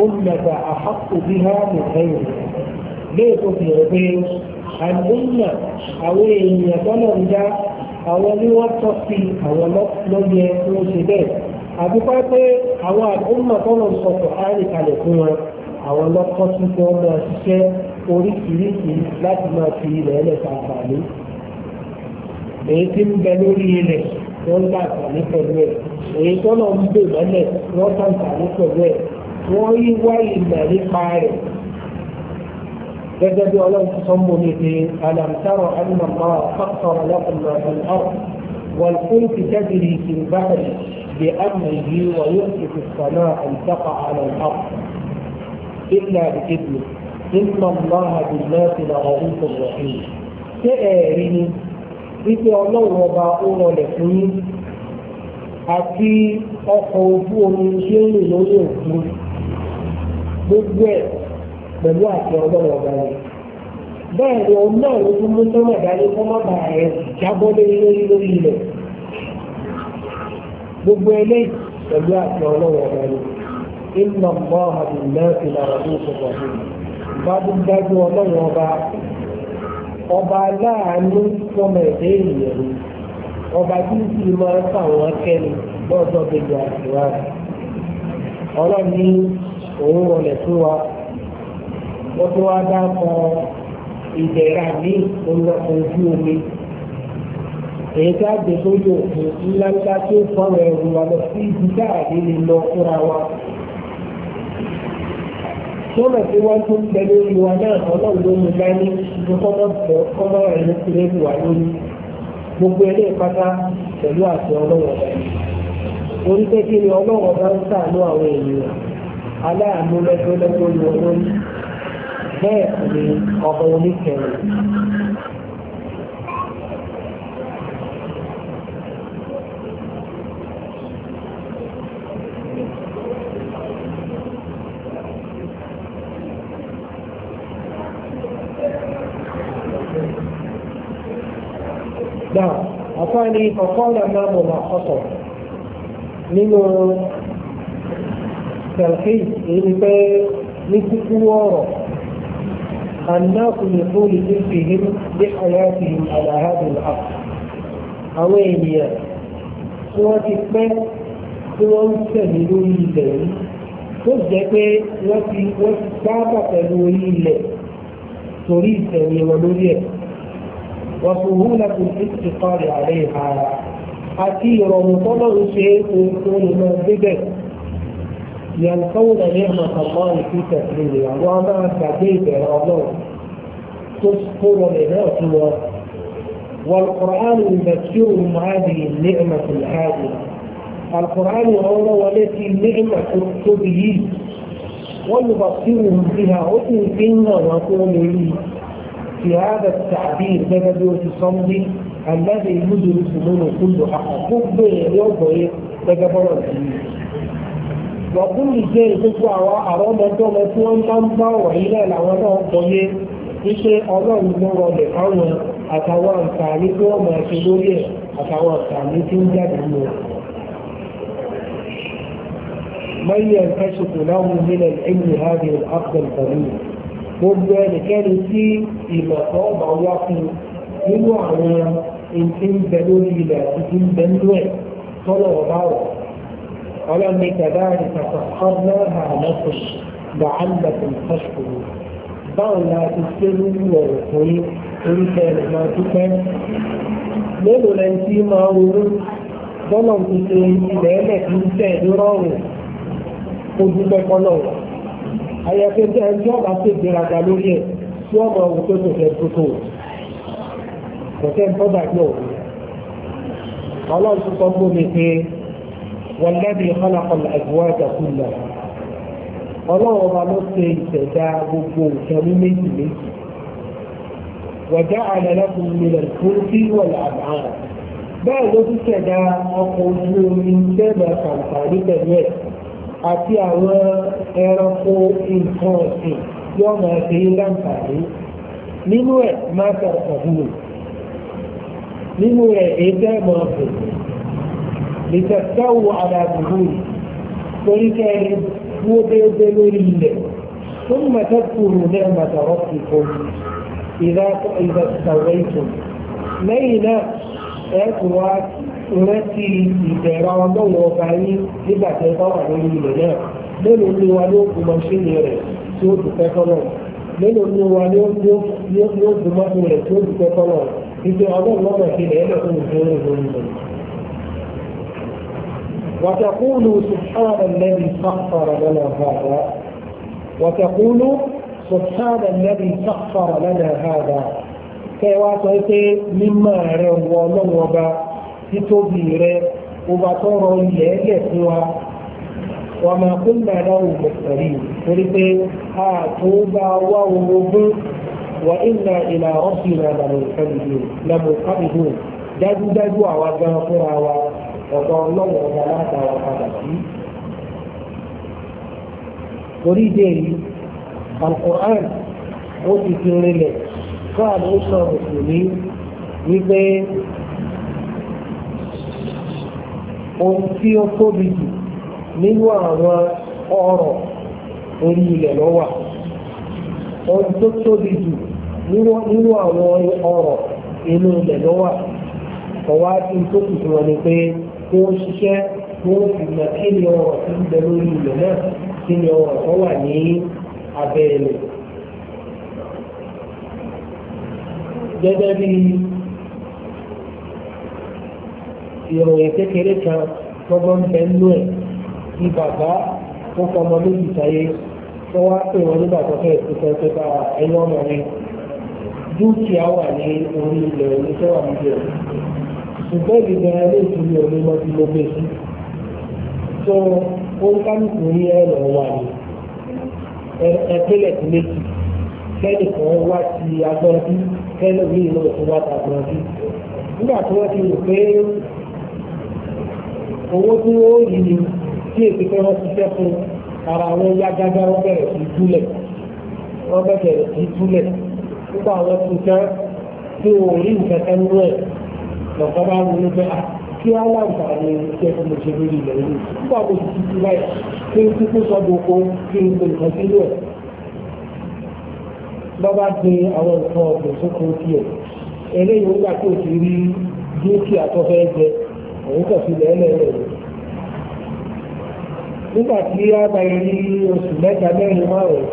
A: ọmọdé àhàkù bí há mi sẹ́yìn lè tó fi pé àmì ọmọ àwọn èèyàn tọ́lọ̀ ń dá àwọn ni wọ́n tọ́ sí àwọn lọ́yẹ tí wọ́n ṣe bẹ́ẹ̀ àbúkọ́ pé àwọn àdúgbò tọ́nà sọ̀tọ̀ áàrì kalẹ̀ fún wọn àwọn lọ́kọ́ tí wọ́n máa ṣiṣẹ́ oríṣiríṣi láti máa fi ilẹ̀ ẹlẹ́ta àǹfààní èyí tí ń bẹ lórí ilẹ̀ wọ́n gbà àǹfààní pẹ̀lú ẹ̀ èyí tọ́nà ń bè mọ́lẹ̀ wọ́n gbà àǹfààní pẹ̀lú ẹ̀ wọ́n yí wá ìmọ̀ nípa rẹ̀ gẹ́gẹ́ bí ọlọ́run ti sọ́n bomi pé alamtaro alimọ̀mọ́ fọ́kọ̀rọ̀ lọ́kùnrin ọ̀sán ọ̀rọ̀ wọ́n fún ti tẹ́bìrì ti ń bá rẹ̀ bí àmì yìí wọ́n yóò ti fi sọ̀nà àìsàkọ̀ àlọ́ ọ̀rọ̀ ilà ìdìbò nínú ọmọ àdìmọ́ ti lọ pẹ̀lú àti ọgbọ́n ọ̀gá rẹ̀. bẹ́ẹ̀ ni náà ló tún mú sọ́nà dání kó má jábọ́ lórí lórí lórí ilẹ̀. gbogbo eléyìí pẹ̀lú àti ọgbọ́n ọ̀gá rẹ̀. ìlànà mọ́ àdùnnà ìlànà tó sọ̀rọ̀ ọlọ́run ọba ọba aláàánú ẹ̀dẹ́ ọba tí ń máa ń fàwọn akẹ́ni àdúrà ọlọ́run ní òun wọ́n tó wá dákọ̀ ìdẹ̀ra ní ojú omi èyí tá a gbé sójú òkun ńlá ńlá tí ó fọwọ́ ẹrù wa lọ sí ibi tá a lọ fúnra wa. sọ́nà tí wọ́n tún bẹ lórí wa náà ọlọ́run ló mú dání ní kọ́mọ́ bọ̀ kọ́mọ́ lórí gbogbo pátá pẹ̀lú àti ọlọ́run bẹ́ẹ̀ ni ọba oníkẹrin. نعم أطاني فقال إمامنا خطر nínú tẹ̀lẹ́kì èyí pé ní kúkúrú ọ̀rọ̀ الناس لطول جلدهم لحياتهم على هذا العصر àwọn ènìyàn tí wọ́n ti pẹ́ tí wọ́n ń tẹ̀lé lórí ilẹ̀ yìí tó jẹ́ pé wọ́n ti wọ́n ti sáábà pẹ̀lú orí ilẹ̀ torí ìtẹ̀lé wọn lórí ẹ̀ wọ́n fi wú láti ìtìkọ́ rẹ̀ àárẹ̀ ìhara àti ìrọ̀rùn tọ́lọ́run ṣe é kó lè máa gbé bẹ́ẹ̀. يلقون نعمة الله في تكريمها وما كتيب الله تذكر لناس والقرآن يذكرهم هذه النعمة العادلة القرآن هو والتي النعمة الطبيعية ويبصرهم بها أذن فينا لي في هذا التعبير بدل يتصمد الذي يدرك منه كل حق يوضع يوم الجميع wọ̀kún lè jẹ́ gbogbo àwọn àrọ́mọdọ́mọ tí wọ́n bá ń bá ọ̀rọ̀ yìí náà làwọn náà gbọ́yé wíṣẹ́ ọlọ́run ló rọlẹ̀ fáwọn àtàwọn àǹfààní tí wọ́n máa ṣe lórí ẹ̀ àtàwọn àǹfààní tí ń jáde nínú rẹ̀. mọ́yẹ̀ ń kẹ́sùkù láwọn nílẹ̀ ẹ̀yìn ìhàdì àpẹẹrẹ pẹ̀lú gbogbo ẹnikẹ́ni tí ìmọ̀ tó bá wá fún nínú àwọn ìtìǹbẹ̀ lórí ilẹ̀ àti ìtìǹbẹ̀ nínú ẹ̀ tọ́lọ̀ ọ̀bá ọlọ́ni kẹbẹ́rin kàkọ́kọ́lá àlẹ́kùn làálẹ̀kùn tẹ́ṣkùrù báwo la ti ṣe lórí ọ̀rọ̀ fún yín orúkẹ rẹ̀ máa dúpẹ́ mélòó lẹ́yìn tí máa ronú bọ́lọ̀ ti ṣe ilẹ̀ ẹlẹ̀ kí ń tẹ̀ lórọ̀rùn kó dúpẹ́ kọ́lọ̀ wọ̀ ayẹyẹ tẹ ẹjọ́ bá ṣe ìgbéraga lórí ẹ̀ tí wọ́n máa wò pé kò fẹ́ tuntun kò fẹ́ ń tọ́ dàgbé òun ọlọ́run tó sọ fún mi pé والذي خلق الأزواج كلها ọlọ́run ọba ló ṣe ìṣẹ̀dá gbogbo nǹkan ní méjì méjì wọ̀já àdàlẹ́kùn nílẹ̀ tó bí wọ̀lá àbáhàn bẹ́ẹ̀ ló ti ṣẹ̀dá ọkọ̀ ojú omi bẹ́ẹ̀ kàǹfààní pẹ̀lú ẹ̀ àti àwọn ẹranko nǹkan ọ̀sìn tí wọ́n máa ṣe é láǹfààní nínú ẹ̀ máa ṣàkàbùrù nínú ẹ̀ èyí tẹ́ máa bẹ̀rẹ̀ لتستووا على ظهوره ولكان وبيدلوريه ثم تذكروا نعمة ربكم إذا إذا استويتم لينا أكوات ìrántí ìbẹ̀rẹ̀ ọlọ́run ọba yín nígbà tí ẹ bá wà lórí ilẹ̀ náà mélòó ni wa ló gun mọ́ṣíìnì rẹ̀ tí ó dùpẹ́ kọ́lọ̀ mélòó ni wa ló gun mọ́ṣíìnì rẹ̀ tí ó dùpẹ́ kọ́lọ̀ ìgbẹ́ ọlọ́run lọ́mọ̀ ìṣẹ̀lẹ̀ ẹ̀lẹ́kùn ìṣẹ̀lẹ̀ ìṣẹ̀lẹ̀ وتقول سبحان الذي سخر لنا هذا وتقول سبحان الذي سخر لنا هذا kẹ wá sọ pé mímọ́ rẹ̀ wọ ọlọ́run ọba títóbi rẹ̀ ọba tó rọ ilẹ̀ ẹlẹ̀ fún wa wà máa kó nàdá òògùn pẹ̀lú torí pé a tó bá wá orogún wà ìlà ìlà ọ̀sìn ìlànà ìkànnì lẹ́mọ̀ọ́kànnì dájúdájú àwa gan fúnra wa ọ̀dọ̀ ọlọ́wọ́ ọba láta wa padà sí. torí ìdí èyí alukur'an ó ti fi rinlẹ̀ fún àwọn oṣù mùsùlùmí wípé ohun tí ó tóbi jù nínú àwọn ọrọ̀ orí ilẹ̀ lọ́wọ́ ohun tó tóbi jù nínú àwọn ọrọ̀ inú ilẹ̀ lọ́wọ́ ọwọ́ àti tó kù fún wọn ni pé kó ń ṣiṣẹ́ kó ń fi mọ kí ni ọrọ̀ tó ń bẹ lórí ilẹ̀ náà kí ni ọrọ̀ tó wà ní abẹ́ ilẹ̀. gẹ́gẹ́ bí ìròyìn kékeré kan tọ́gbọ́n ń bẹ nínú ẹ̀ kí bàbá tó fọmọ méjì sáyé tó wá pè wọ́n nígbà tó fẹ́ ìpínlẹ̀ tó bá ẹ̀yọ́ ọmọ rẹ̀ dúkìá wà ní orí ilẹ̀ oníṣẹ́ wà níbi ẹ̀ ṣùgbọ́n ìgbà ilé ìtúrí ọ̀lẹ́ lọ sí lókè sí tó ó ń kánìkù ní ẹ̀rọ wà ní ẹ̀pẹ́lẹ̀ tó méjì kẹ́lì kan wá ti agbọ́nbí kẹ́lì mí ìlú tó wá ta agbọ́nbí nígbà tí wọ́n ti rò pé owó tí ó yìí ni tí èsì pé wọ́n ti fẹ́ fún ara wọn yá gágá wọ́n bẹ̀rẹ̀ sí túlẹ̀ wọ́n bẹ̀rẹ̀ sí túlẹ̀ nígbà wọn ti tán tí wọn rí nǹkan kan nú ẹ̀ lọ́kọ́ bá ronú pé ah, kí á láǹfààní iṣẹ́ tí mo ṣe lórí ilẹ̀ yìí nígbà tó ti ti báyìí kí n kúkú sọ́dọ̀ oko kí n pè nǹkan sínú ẹ̀. lọ́ba gbin àwọn nǹkan ọ̀gbìn sóko tiẹ̀ eléyìí nígbà tó ti rí dúkìá tó fẹ́ jẹ òun kàn fi lẹ́lẹ̀ rẹ̀ nígbà tí á bá yẹ ní oṣù mẹ́ta mẹ́rin márùn-ún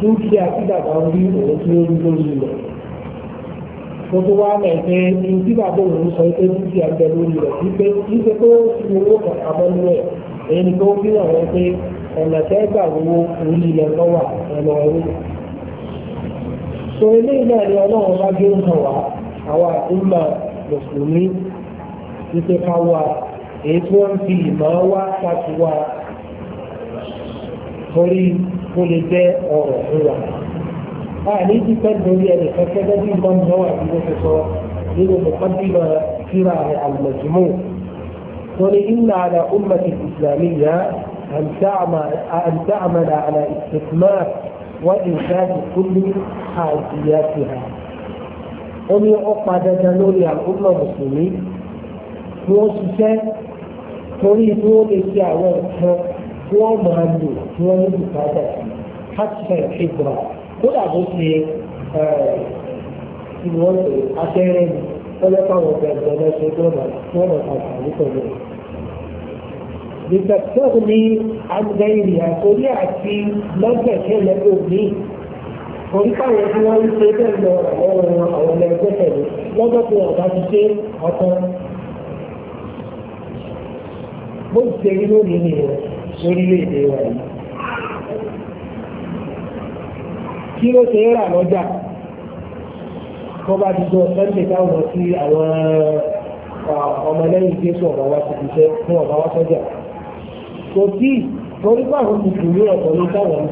A: dúkìá tí bàbá ń rí òun tí ó lórí ilẹ̀ mo tó wá mẹ́ pé ibi bàbá òun sọ pé dúkìá jẹ lórí rẹ̀ wípé wípé tó fi owó kọ̀ọ̀kan mọ́ nínú ẹ̀ èyí ni tó fi hàn wọ́n pé ọ̀nà tẹ́ gbà wo orí ilẹ̀ tó wà ẹ̀lọ́ ẹ̀rú. so eléyìí náà ni ọlọ́run bá gbé ń hàn wá àwa ìmọ̀ mùsùlùmí wípé ká wá èyí tí wọ́n fi ìmọ̀ wá pàtó torí kó lè jẹ́ ọ̀rọ̀ fún wa. àléjìká lórí ẹni kẹkẹ lẹ́bí ìmọ̀mù náà àti bó ṣe sọ nínú mọ̀kàndínlá kíra àlùmọ̀jùmọ̀ wọ́n ní ìlà àlà ọmọdé ìsìlámíyà أن تعمل على استثمار وإنشاء كل حاجياتها ó ní ọ̀pá dandan lórí àkókò mùsùlùmí tí wọ́n ṣiṣẹ́ torí tí wọ́n lè ṣe àwọn nǹkan tí wọ́n máa lò tí wọ́n ní bùkátà sí hàtìṣẹ́ ìgbà kódà bó ṣe ìwọ́n ṣe akẹ́rẹ́ ni ọjọ́ káwọn ọ̀gbẹ̀gbẹ̀ lọ́sẹ̀ tó ọ̀nà tó ọ̀nà àtàwọn pẹ̀lú. Bìtẹ̀tọ́ọ̀ ni àgbẹ̀yìn àkórí àti lọ́gbẹ̀kẹ́ lẹ́gbẹ̀ òní. Orí káwọn tí wọ́n ń ṣe bẹ́ẹ̀ lọ ọ̀rọ̀ àwọn ẹgbẹ́ pẹ̀lú lọ́jọ́ tó ọ̀gá ti ṣe ọ̀tọ́. Bó ti ṣe rí lónìí nìyẹn lórílẹ̀-èdè wa yìí. kí ló ṣe rà lọ́jà tó bá ti jọ ẹ̀ǹdẹ̀ táwọn sí àwọn ọmọlẹ́yìn jésù ọ̀gá wa ti ṣiṣẹ́ fún ọ̀gá wa sọ́jà kò tí torí pé àwọn kùkùrú ọ̀tọ̀ ní táwọn ń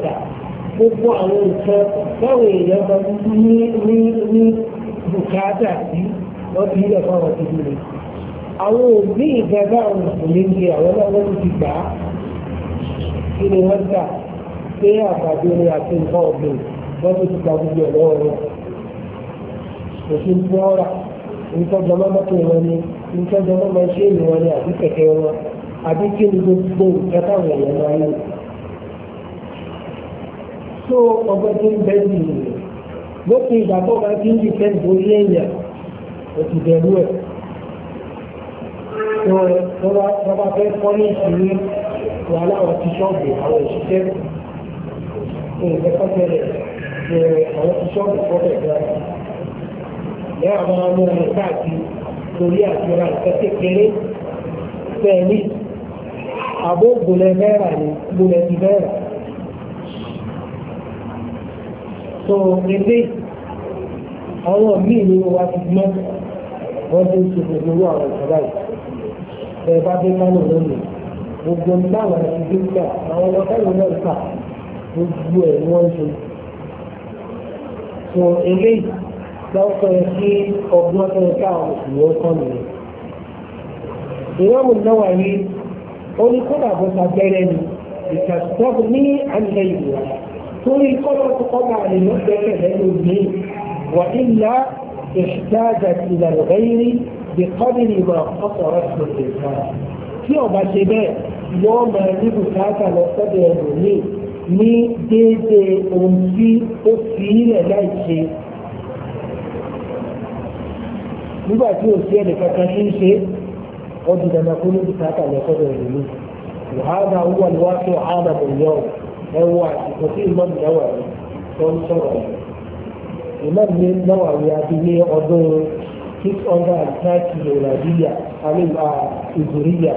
A: gbogbo àwọn nǹkan táwọn èèyàn bá ní ní ní bùkátà sí wọ́n ti fáwọn ti dúró àwọn òbí ìgbàgbà àwọn òṣèlú ń gbé àwọn náà wọ́n ti gbà á kí ni wọ́n gbà pé àgbàdo ni àti nǹkan ọ̀gbìn wọ́n ti ti ka gbogbo ẹ̀ lọ́wọ́ rẹ̀ kò sí fún ọ́ra nǹkan jọmọ́ mọ́tò wọn ni nǹkan jọmọ́ máa ṣe èlò wọn ni àbí kẹ̀kẹ́ wọn àbí kí ni gbogbo nǹkan táwọn èèyàn máa ń lò. tó ọgbẹ́ tó ń bẹ́ẹ̀ nì lókè ìgbà tó bá ti ń di fẹ́ borí èèyàn òtù bẹ̀rù ẹ̀ tó bá fẹ́ kọ́ ní ìsinmi wàhálà wọn ti ṣọ́ọ̀bù àwọn òṣìṣẹ́ nǹkan kọ́kẹ́rẹ́ ṣe àwọn ti ṣọ́ọ̀bù fọ́tẹ̀ gan. Ìyá àwọn ọmọ rẹ̀ káàkiri torí àti ra nǹkan kékeré fẹ́ẹ̀lì àbó gbòlẹ̀ mẹ́ra ni gbòlẹ̀ ti mẹ́ra. So ilé àwọn míì ni wa ti mọ́ wọ́n ti ń ṣe gbogbo owó àwọn ìjọba yìí. Bẹ́ẹ̀ bá dé kánò lónìí gbogbo nígbà wọn ti dé gbà àwọn ọmọ táwọn náà kà gbogbo ẹ̀ ni wọ́n ń ṣe fún eléyìí lọ́sọ̀ yẹn kí ọgbọ́n tó ń ká òṣùwọ̀n kan nìyẹn. ìrọ́mù náà wà ní oníkọ́nà àbọ̀tà bẹ́rẹ̀ ni ìtàkùtàkù ní àlẹ́ ìlú torí kọ́nà tó kọ́nà àlè ló bẹ̀rẹ̀ lẹ́nu mi wà ilà ìṣìdájà ìlànà bẹ́yìí bìkọ́bìnrin ìmọ̀ ọ̀sọ̀rọ̀ ìṣòro ìta. tí ọba ṣe bẹ́ẹ̀ yọ ọmọ ẹni bùkátà lọ sọ́dọ̀ ẹ̀rọ míì ní déédéé ohun tí ó fi ilẹ̀ láì ṣe nígbà tí ò sí ẹnì kankan tí ń ṣe ó di dandan kó ní bùkátà lẹ́kọ̀ọ́dọ̀ ìlú wàhálà owó àlùwàṣọ ààrẹ òyìnbó ẹwọ àsìkò tí ìmọ̀ ìdáwà rẹ̀ tó ń sọ̀rọ̀ rẹ̀ ìmọ̀ ìlú náwà rẹ̀ adìyẹ ọdún six hundred and thirty nàìjíríà àmì ìgbòríyà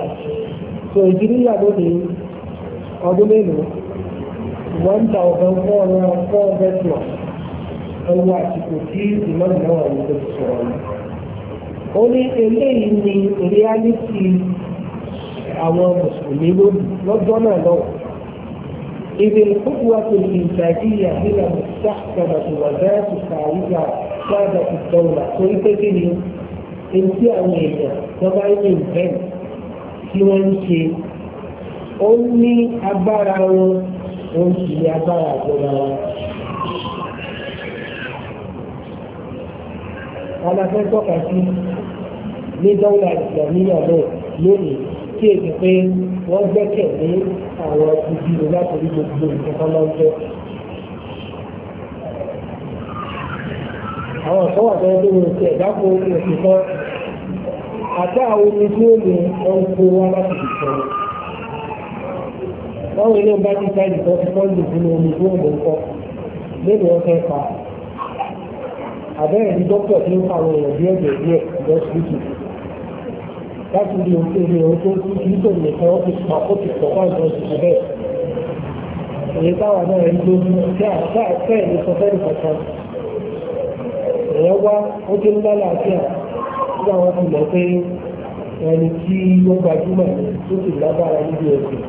A: so ìjíríyà lónìí ọdún mélòó one thousand four hundred four hundred plus ẹwọ àsìkò tí ìmọ̀nà náà ń tó sọ̀rọ̀ ni. ó ní eléyìí ni reality àwọn mùsùlùmí lọ́jọ́ náà lọ́wọ́. إذ القدوة الإنتاجية هي المستحكمة وذات السعيدة سادة الدولة كنت تجري انت أمريكا طبعا انت tí wọ́n ń ṣe ó ní agbára wọn ó ń fi agbára àjọba wa. aláfẹ́ tọ́ka sí ní dọ́là ìgbàmíyà náà lónìí tí èdè pé wọ́n gbẹ́kẹ̀lé àwọn ibi rẹ̀ láti rí gbogbo nǹkan máa ń jẹ́. àwọn kan wà bẹ́ẹ̀ lórí oṣù ẹ̀dá kan oṣù kan àtàwọn omi tí ó lè ọ̀nkó wá láti dìbò báwo ilé ń bá ti ta ìdìbò ti kọ́ lù fún omi tó ń bò ń kọ́ wọn fẹ́ pa àbẹ́rẹ́ ní dókítà tí ń fa àwọn èèyàn díẹ̀ díẹ̀ díẹ̀ lọ́sibítù láti rí ohun tó rí ohun tó kú kí tó nìkan ó ti pa ó ti pọ̀ fún àwọn oṣù bẹ́ẹ̀ èyí táwọn náà ń lójú tí àṣà àṣà ìlú sọ fẹ́ nìkan kan èèyàn wá ó ti ń lálàáfíà nígbà wọn ti mọ̀ pé ẹni tí ó gbajúmọ̀ tó sì lágbára níbi ẹ̀sìn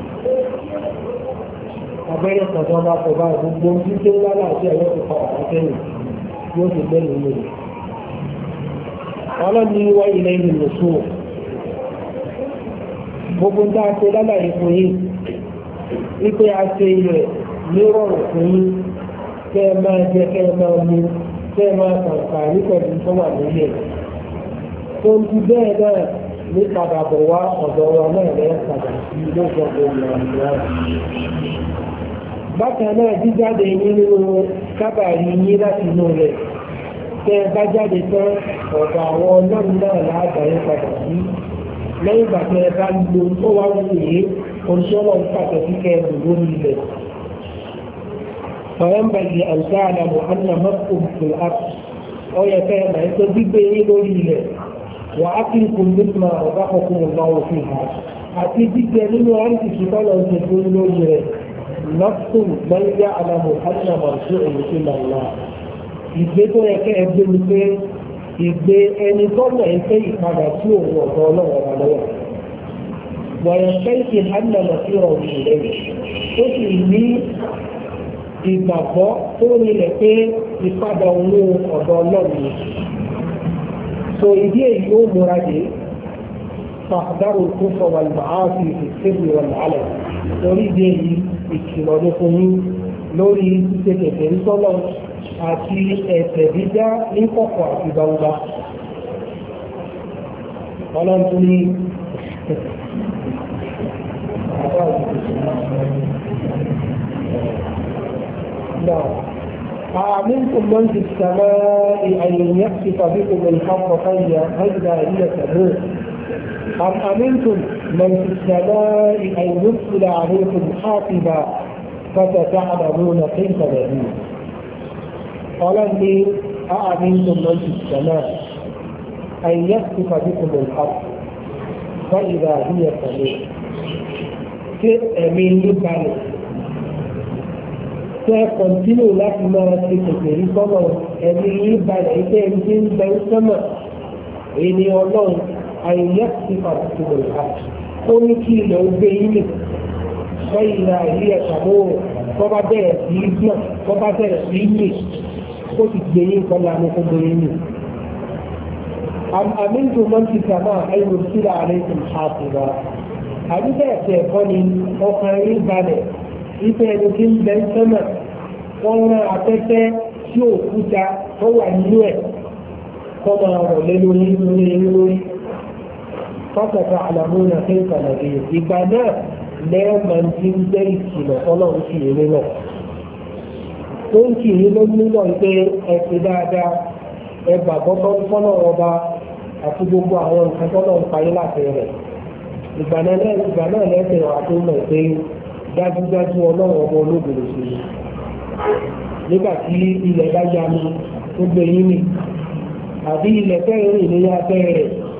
A: abẹ́rẹ́ kọ̀ọ̀tọ́ bá kọ̀ bá gbogbo ojú tó lálẹ́ àti ẹ̀rọ ti pa ọ̀rọ̀ sẹ́yìn yóò ti gbẹ́nu lò. ọlọ́ni wá ilẹ̀ ìlú lòsù o gbogbo ń dáa ṣe lálàyé fún yín wípé a ṣe rẹ̀ ní rọrùn fún yín kẹ́ ẹ máa jẹ kẹ́ ẹ máa mu kẹ́ ẹ máa kàǹkà ní pẹ̀lú tó wà nílé tó ń ti bẹ́ẹ̀ náà ní padà bọ̀ wá ọ̀dọ̀ wa náà lẹ́yìn padà sí ilé ìjọba ìlànà ìlànà. bákan náà jíjáde yín nínú kábàárì yín láti inú rẹ̀ tẹ́ bá jáde tán ọ̀dọ̀ àwọn ọlọ́run náà láàbàáyé padà sí lẹ́yìn ìgbà tí bá ń lo tó wá ń wòye oníṣẹ́ ọlọ́run pàṣẹ sí kẹ́ ẹ lò lórí lórí ilẹ̀ نفس من يعلم أن مرجعه إلى الله ìgbé tó yẹ kẹ́ ẹ gbé mi pé ìgbé ẹni tọ́lọ̀ ẹ fẹ́ ìpadà tí òun ọ̀dọ́ ọlọ́wọ́ wa lọ́wọ́ wọ̀nyẹ fẹ́ǹkì hànàmọ̀ sí ọ̀rọ̀ ìlẹ́yìn ó sì ní ìgbàgbọ́ tó nílẹ̀ pé ìpadà òun ọ̀dọ́ ọlọ́run so ìdí èyí ó múra dé fàdárò tó sọ wà lùbàá sí ìfẹ́ mi wà lálẹ́ torí ìdí èyí ìkìlọ̀ ní fún yín lórí ṣíṣe kẹ̀kẹ́ sọ́lọ̀ àti ẹ̀ṣẹ̀ dídá ní kọ̀kọ̀ àti gbangba. ọlọ́run tún ní àbá òṣìṣẹ́ أعلمكم من في السماء أن يخسف بكم الحق فإذا هي تموت أم أمنتم من في السماء أن يرسل عليكم حاطبا فستعلمون كيف طيب نذير قال لي أأمنتم من في السماء أن يخسف بكم الأرض فإذا هي سميع من لبنان Se kọntínú láti máa ṣe kékeré sọmọ ẹni yìí balẹ̀ iṣẹ́ ẹni tí ń bẹ sọmọ ẹni ọlọ́run àìyẹ́ ti pàtàkì rẹ̀ àti ó ní kí ilẹ̀ ó gbé ilé lẹ́yìn náà ilé ẹ̀ka bó tó bá bẹ̀rẹ̀ sí í gbọ̀n tó bá bẹ̀rẹ̀ sí í yè ó ti gbé yín kan lánàá kó gbé yín yè. àmì tó máa ń ti sàmà ẹ̀rọ sílẹ̀ àlẹ́ kò ṣáàtì rà àbí bẹ́ẹ̀ tẹ̀ ẹ̀kọ́ ni ọkàn rí balẹ̀ ife ẹni tí ń bẹ sọ́nà wọ́n rán afẹ́fẹ́ tí òkúta tó wà nínú ẹ̀ kọ́ máa rọ̀ lé lórí lórí lórí fọ́sọ̀tà àlàmúnà kéńkà nàbí ìgbà náà lẹ́ẹ̀mọ̀n tí ń jẹ́ ìkìlọ̀ ọlọ́run kì í lélọ̀ tó ń kì í ló nílọ̀ pé ẹ ti dáadáa ẹ gbàgbọ́ tó ń fọ́nà ọba àti gbogbo àwọn nǹkan tó lọ́n parí láti rẹ̀ ìgbà náà lẹ́sẹ̀ wà tó mọ̀ pé dájúdájú ọlọ́run ọmọ olóbìnrin sí i nígbà tí ilẹ̀ bá yanu ó gbé yín ni àbí ilẹ̀ fẹ́ rìn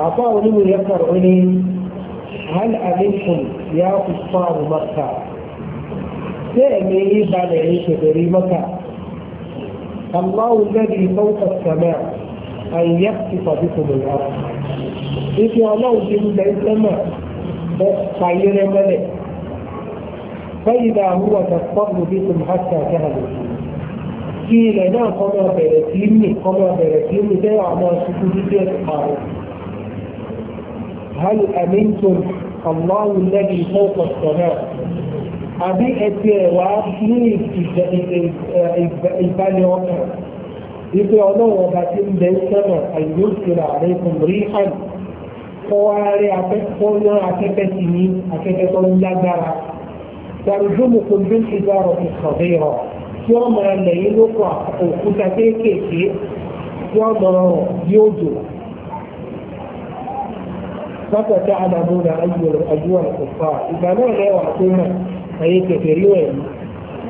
A: عطاء لمن يقر علي هل أمنكم يا كفار مكة سأمني بعد عيش بري مكة الله الذي فوق السماء أن يخطف بكم الأرض إذا الله جل السماء خير ملك فإذا هو تصفر بكم حتى تهلكوا قيل لا قمر بلتيني قمر بلتيني ده أعمال سكوتية الحارس hal amintum allahu lẹ́bi fọ́ọ̀kọ̀ sọ̀rọ̀ àbí ẹtì ẹ̀ wá ní ìbálẹ̀ ọkàn wípé ọlọ́run ọba tí ń bẹ sọ́nà àìyóòsìlà àríkùn rí hàn kọ́wárí afẹ́fọ́yọ́ afẹ́fẹ́ sí ní afẹ́fẹ́ tó ń lágbára dàrúdúmùkún bí ìgbà rọ̀ ti sọ̀rọ̀ rọ̀ tí wọ́n máa lẹ̀yìn lóko òkúta kéékèèké tí wọ́n máa rọ̀ yóò jò فستعلمون أيها الكفار إذا ما يعطون فيكفرون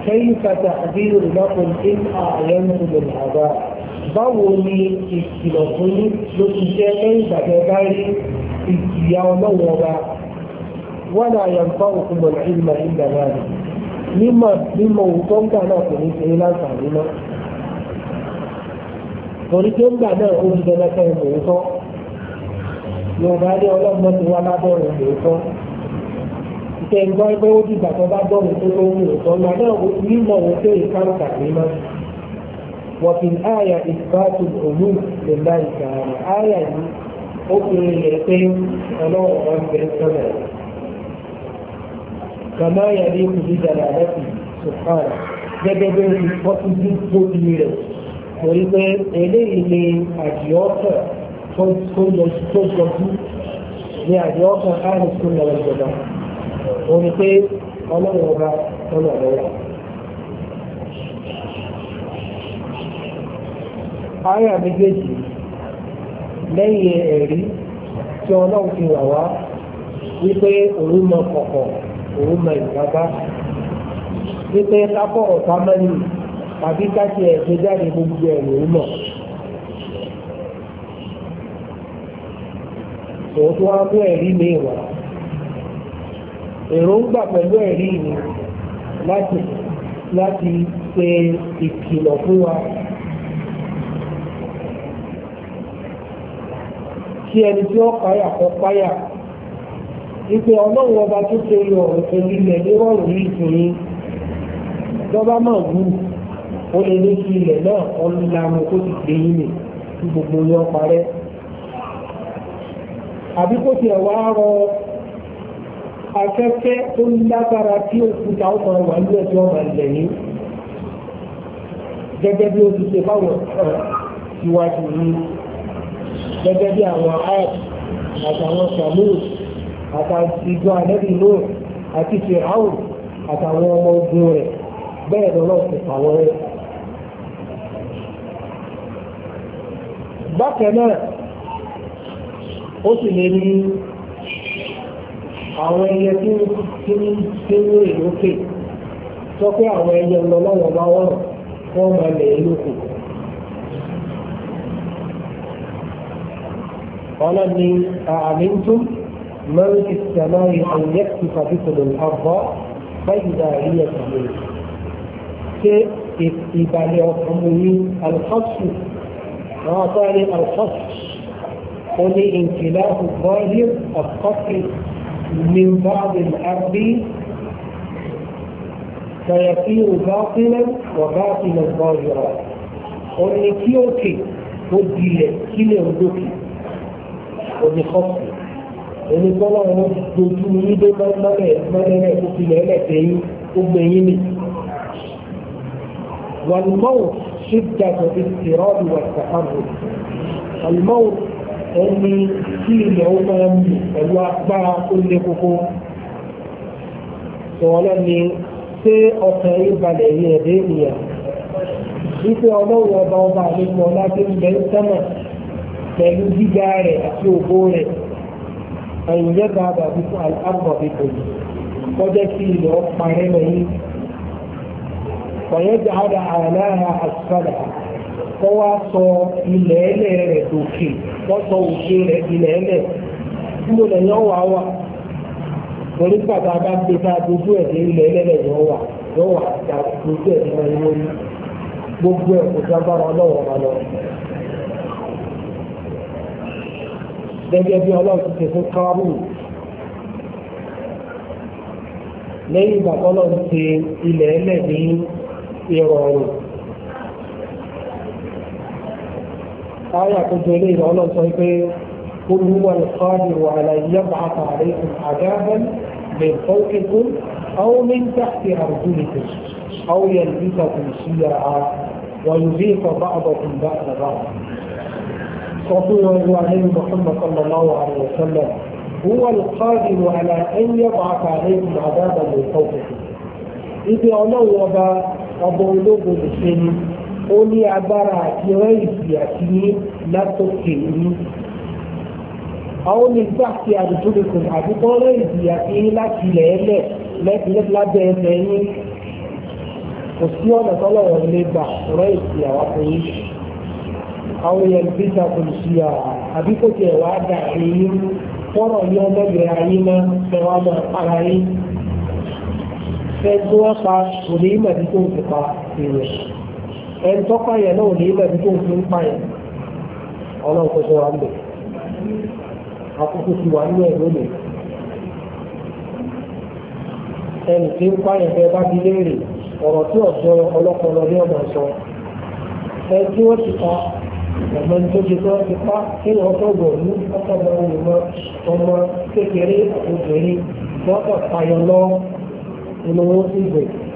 A: كيف تحذير لكم إن أعينتم العذاب báwo ni ìkìlọ̀ tó ní ló ti jẹ́ lẹ́yìn ìgbàgbẹ́ bá rí ìjìyà ọlọ́wọ́ ọba wọ́n àyà ń bá òkú mọ̀ ní ìmọ̀ ìgbà náà rí mímọ̀ mímọ̀ òótọ́ ń gbà náà kò ní ṣe láǹfààní náà torí pé ń gbà náà ó ti dẹ́lẹ́kẹ́ ìmọ̀ òótọ́ yorùbá ní ọlọ́run ti wá lábọ́rùn lóòótọ́ ìtẹ̀ ń gbọ́ pé ó dìgbà tó bá dọ̀rùn tó tó ń lóòótọ́ ìgbà náà nímọ̀ wọ́n pé ìkárùkà nímọ̀ wọ́n fi àyà ìfúráàtù òmù lè dá ìgbà rẹ̀ àyà yìí ó fi rìnlẹ̀ pé ọlọ́run ọ̀rọ̀ bẹ̀ sọ̀rọ̀ kàmá yà ní kùdí dàdà lẹ́sìn sùpàrà gẹ́gẹ́ bí wọ́n ti dín bó ti rẹ̀ torí pé eléyìí ni àjọ ọ̀sẹ̀ tó jọjú ní àjọ ọkàn áàrùn tó lọ ìjọba òun ni pé ọlọ́run ọba lọ́nà lọ́wọ́. Àyà méjèèjì lẹ́yìn ẹ̀rí tí ọlọ́run fi wà wá wípé òun mọ kọ̀kọ̀ òun mọ ìgbàgbá wípé kápọ̀ ọ̀tá mẹ́rin tàbí káṣí ẹ̀gbẹ́ jáde gbogbo ẹ̀rù òun mọ̀. òun tó wá mú ẹ̀rí mi wà èròǹgbà pẹ̀lú ẹ̀rí mi láti láti ṣe ìkìlọ̀ fún wa kí ẹni tí ó páyà kó páyà ìpè ọlọ́run ọba tó ṣe yọ ọ̀rọ̀ ilẹ̀ ní rọrùn yìí fún lọ́ba máa wù ó lè ní kí ilẹ̀ náà ọ̀nà ìlànà tó ti gbé yín nì gbogbo yọ parẹ́ àbí kó tiẹ̀ wá rọ afẹ́fẹ́ tó lágbára tí òkúta ó máa wà ní ẹjọ́ máa lẹ̀ ní gẹ́gẹ́ bí ó ti ṣe báwọn ìwádìí ní gẹ́gẹ́ bí àwọn art àtàwọn samuel àtàjọ anẹ́bí náà àti fìhàùn àtàwọn ọmọ ogun rẹ̀ bẹ́ẹ̀ lọ́lọ́ ti pàwọn rẹ̀. bákan náà ó sì lè ní àwọn ẹyẹ tí ń tí ń lókè sọ pé àwọn ẹyẹ ọlọ́wọ́ bá wọ̀rọ̀ wọ́n máa lè lókè. ọlọ́ni àmìntún mẹ́rin ti sàmá ìhànyẹ́ ti fàbíkọ̀dọ̀ àbọ̀ báyìí náà ẹ̀sìn lè ṣe ìbàlẹ̀ ọkàn mi àwọn àtọ́ ni alhassu قل انكلاف الظاهر القطع من بعض الأرض فيصير باطلا وباطلا ظاهرا قل kí ó kè ó dilẹ̀ kí lè ń dókè òní kọ́sì والموت شدة الاضطراب والتحرك الموت òun ni kí ilẹ̀ ó máa ń mì pẹ̀lú agbára ó lé koko sọ̀rọ̀ ni pé ọkàn yìí balẹ̀ yìí ẹ̀dẹ́ ènìyàn wípé ọlọ́run ọba ọba àlejò ọlá tó ń bẹ ń sánà pẹ̀lú gíga rẹ̀ àti ògbó rẹ̀ ẹ̀yìnjẹ́ bàbà bí fún àbọ̀ bí yìí kọjá sí ilẹ̀ ó parẹ́ lẹ́yìn wọ̀nyẹ́ jẹ́ àdá àlàyé àṣìṣàdà kọ́wá sọ ilẹ̀ ẹlẹ́rẹ̀ tọ́tọ̀ òṣè rẹ̀ ilẹ̀ ẹlẹ̀ tí mo lè yàn wá wà torí pàtàkì bá ká dojú ẹ̀ dé ilẹ̀ ẹlẹ́lẹ̀ yàn wà yàn wà ká dojú ẹ̀ dé máa wọlé gbogbo ẹ̀ kò sábàrà ọlọ́wọ́ wa lọ. gẹ́gẹ́ bí ọlọ́run ti ṣe fún kárù lẹ́yìn ìgbà tọ́lọ́run ṣe ilẹ̀ ẹlẹ́ ní ìrọ̀rùn. آية الجليل على صحيحين قل هو القادر على أن يبعث عليكم عذابا من فوقكم أو من تحت أرجلكم أو يلبسكم شيعا ويذيق بعضكم بعد بعض رسول الله محمد صلى الله عليه وسلم هو القادر على أن يبعث عليكم عذابا من فوقكم إذا الله وبا أبو لوب ó ní agbára àti rẹ́ìsì àti ní látòkè ní. àwọn onígbà tí àdúgbò kò àti kọ́ rẹ́ìsì àti ní láti ilẹ̀ ẹlẹ̀ lábẹ́ ẹlẹ̀ yín kò sí ọ̀nà tọ́lọ̀wọ̀ lè gbà rẹ́ìsì àwọn akọ̀yìn àwọn èèyàn bí sàkùn sí à àbí kò tiẹ̀ wá dà èyí fọ́rọ̀ yọ mẹ́gbẹ̀ẹ́ ayé náà tẹ̀wá mọ́ ara yín fẹ́ tí wọ́n pa kò ní ìmọ̀ ẹni tó pààyàn náà ní ilẹ̀ tó ń fi ń pààyàn ọlọ́run tó ṣe wà ń bẹ̀ àkókò ti wà nínú ẹ̀ lónìí ẹni tí ń pààyàn bẹ́ẹ̀ bá fi léèrè ọ̀rọ̀ tí ọ̀dọ́ ọlọ́pọlọ ní ọ̀nà sọ ẹni tí wọ́n ti pa ọmọ ní tó ṣe tó ti pa kí wọ́n tó gbọ̀ ní ọ̀pọ̀lọpọ̀ ìmọ̀ ọmọ kékeré àti obìnrin wọ́n kàn pààyàn inú wọn sì gbèrè.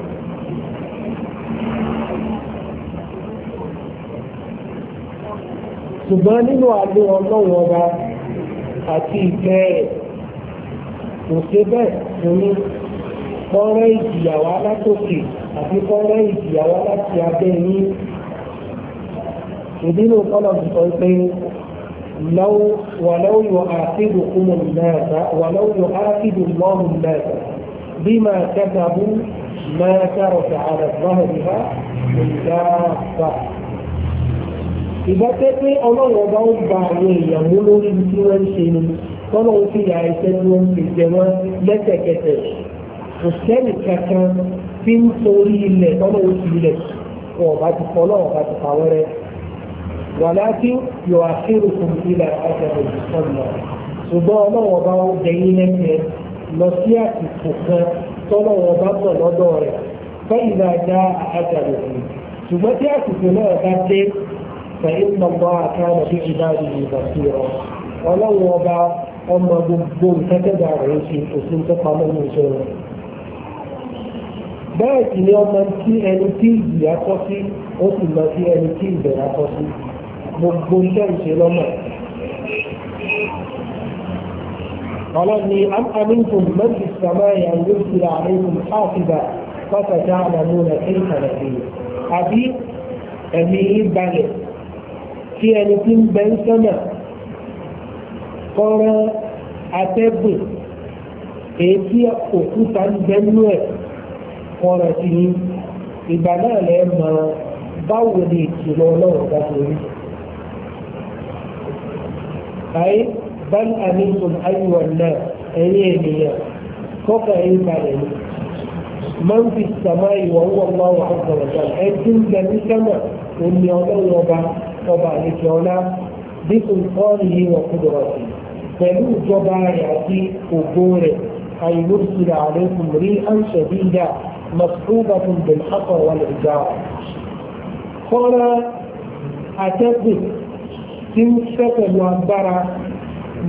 A: ṣùgbọ́n nínú àlè ọlọ́run ọba àti ìfẹ́ rẹ̀ kò ṣe bẹ́ẹ̀ torí kọ́rẹ́ ìjìyàwó alátòkè àti kọ́rẹ́ ìjìyàwó aláti abẹ́ yín ìdínú kọ́lọ̀ sọ pé ولو يؤاخذكم الناس ولو يؤاخذ الله الناس بما كسبوا ما ترك على ظهرها من إذا pé ọlọ́run ọba ó gba àwọn èèyàn mú lórí ibi tí wọ́n ń ṣe ni tọ́lọ́run fi yà ẹsẹ̀ tí wọ́n ti jẹ wọ́n lẹ́sẹ̀kẹsẹ̀ kò sẹ́nì kankan tí ń torí ilẹ̀ tọ́lọ́run ti ilẹ̀ wọn ọba ti kọ́ ọlọ́run ọba ti pàwọ́ rẹ wàláàkì yóò àṣírò fún ilẹ̀ ọjà òjìṣàn lọ ṣùgbọ́n ọlọ́run ọba ó dẹ̀yìn lẹ́sẹ̀ lọ sí àsìkò kan tọ́lọ́run ọba bọ̀ lọ́dọ̀ فإن الله كان بعباده بصيرا ولو وضع أما بالظلم فتدع عيشي أسلم تقام المجرم بعد إن يوم أن تي أن تي يقصي أسلم تي أن تي بيقصي بالظلم تنشي لما قال إني أم أمنتم من في السماء أن يرسل عليكم حافظا فتجعلون كيف نبيه أبي أمي بلد kí ẹni tí ń bẹ ń sọ́nà kọ́rọ́ atẹ́gùn èyí tí òkúta ń bẹ nú ẹ̀ kọ́rọ́ sí ní ìgbà náà lẹ́ mọ báwo ni ìkìlọ̀ ọlọ́run bá ti rí. bá ní àmì ayé wọn náà ẹ̀yìn ènìyàn kọ́kọ́ ẹ̀yìn balẹ̀ yìí. من في السماء وهو الله عز وجل أنتم بني سماء ومن يوم يوبا طبعا لكيولا بسلطانه وقدرته فلو جبا يأتي قبوره أي نرسل عليكم ريحا شديدة مصحوبة بالحقر والإجارة قال أتثبت تمسك الوانبرة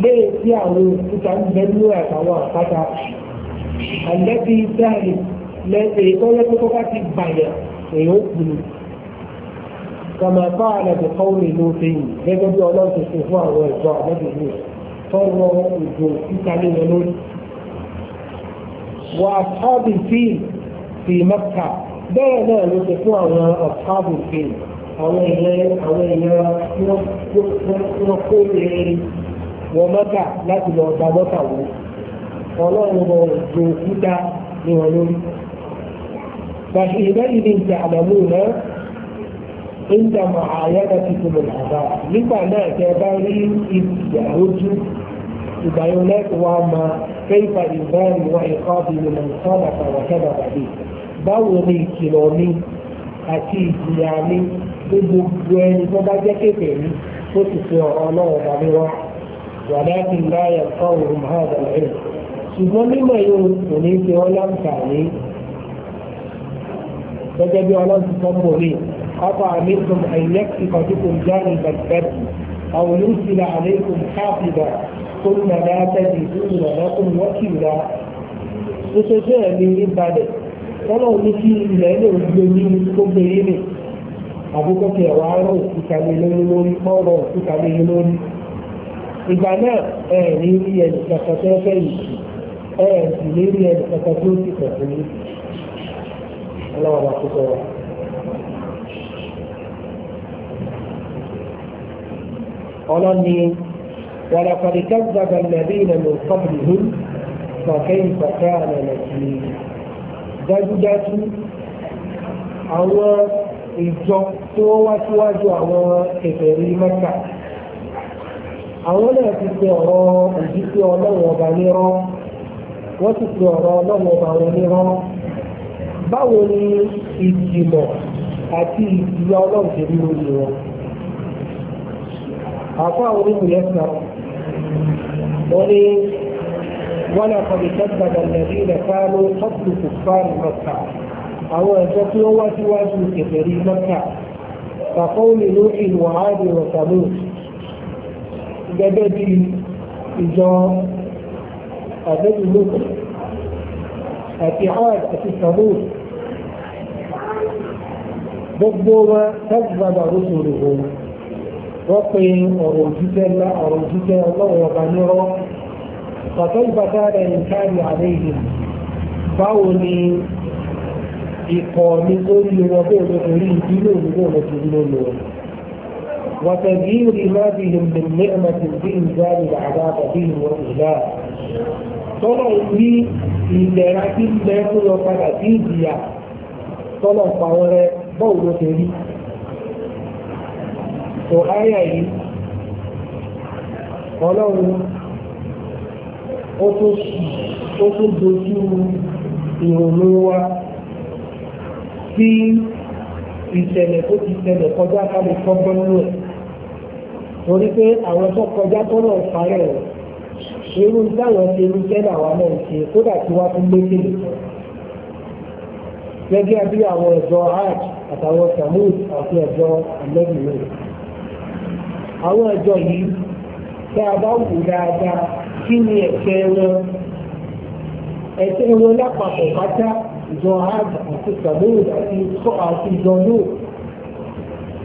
A: ليه في عروض تتعلم بنوات أو التي تهلك lẹ́sẹ̀ tó yẹ kó tó bá ti bàyẹ̀ èyí ó kù ní. kàmá bá àlàbò kọ́wé ní lóde yìí gẹ́gẹ́ bí ọlọ́run ti ṣe fún àwọn ìjọ àlọ́dún yìí tọ́wọ́ ìgò títa lé wọn lórí. wà á sábì fíì fi mẹ́ta bẹ́ẹ̀ náà ló ṣe fún àwọn ọ̀sábì fíì àwọn èèyàn àwọn èèyàn wọn kó lè wọn فحينئذ تعلمون عند معاينتكم الأعداء لما تبالي إذ يعود بيانات وما كيف إنذار وعقاب لمن صدق وكذب به báwoni ìkìlọ̀ mi àti ìjìyà mi tó gbogbo ẹni tó bá jẹ́ kéèké mi tó sì fi ọ̀rọ̀ náà dà mí wá wàdá ti ń bá yàtọ̀ òun máa dà lẹ́yìn ṣùgbọ́n mímọ̀ yóò kò ní ṣe wọ́n láǹfààní gẹ́gẹ́ bí ọlọ́run sọ mọ́ mi ọkọ̀ àmìkùn àìyẹ́kì kọ̀dúkùn jáde gbẹ̀gbẹ̀rẹ̀ àwọn olùsílẹ̀ àmìkùn káàfìdà tó ń nà látẹ́jì ìlú lọ́kùn wọ́kìlá nítorí ẹ̀mí ìbàdẹ̀ tọ́lọ́run ní kí ilẹ̀ ilé ògbémi gbogbo yìí ni àbúkọ́ kí ẹ̀wà rọ̀ òkúta lé lórí mọ́rọ̀ òkúta lórí ìgbà náà ẹ̀ ní rí ẹnì ọlọ́wọ́ bá kó sọ̀rọ̀. ọlọ́ni ولقد كذب الذين من قبلهم فكيف كان نكير dájúdájú àwọn ìjọ tó wá síwájú àwọn kèfèrí Mẹ́kà àwọn náà ti pe ọ̀rọ̀ òjíṣẹ́ ọlọ́run ọba nírọ́ wọ́n ti pe ọ̀rọ̀ ọlọ́run ọba wọn nírọ́ báwo ni ìgbìmọ̀ àti ìgbìyà ọlọ́run ṣe rí lórí wọn àkọ́ àwọn onímọ̀lẹ́ kan wọ́n ní wọ́n náà kọ́ bí dábàdà nàbí nàkà ló tọ́pù kò fáàlì mọ́ta àwọn ẹ̀jọ́ tí ó wá síwájú kẹfẹ́rí mọ́ta kàkọ́ọ̀lì ló fi wàhálì rọ̀tàlù gẹ́gẹ́ bí ìjọ àdébìlókùn اعتقاد àti sàbùn gbogbo wọn tẹ́gbàdà lóṣòro wọn wọ́n pe ọ̀rọ̀ òjíṣẹ́ ńlá ọ̀rọ̀ òjíṣẹ́ ọlọ́run ọba nírọ́ pàtó ìbátá rẹ̀ ń kárí àléhì báwo ni ikọ̀ mi lórí wọn bó ló rí ìdílé mi bó ló ti ló lọ. وتغيير ما بهم من نعمة بإنزال العذاب بهم وإله. طلعوا لي ìlera tí ń bẹ tó lọ padà sí ìjìyà tọ́lọ̀ pa wọn rẹ bọ́ọ̀ ló ṣe rí tó áyà yìí ọlọ́run ó tún dojú ìrònú wa sí ìṣẹ̀lẹ̀ tó ti ṣẹlẹ̀ kọjá ká lè kọ́gbọ́n nínú ẹ̀ torí pé àwọn tó kọjá tọ́lọ̀ parẹ́ rẹ̀ irú táwọn ṣe irú sẹ́nà náà ṣe kódà tí wọ́n tún lé kéde gẹ́gẹ́ bí àwọn ẹ̀jọ́ hajj àtàwọn samud àti ẹ̀jọ́ alẹ́bìnrin àwọn ẹ̀jọ́ yìí tá a bá wù dáadáa kí ni ẹ̀ṣẹ̀ wọn ẹ̀ṣẹ̀ wọn lápapọ̀ pátá ìjọ hajj àti samud àti sọ àti ìjọ lóò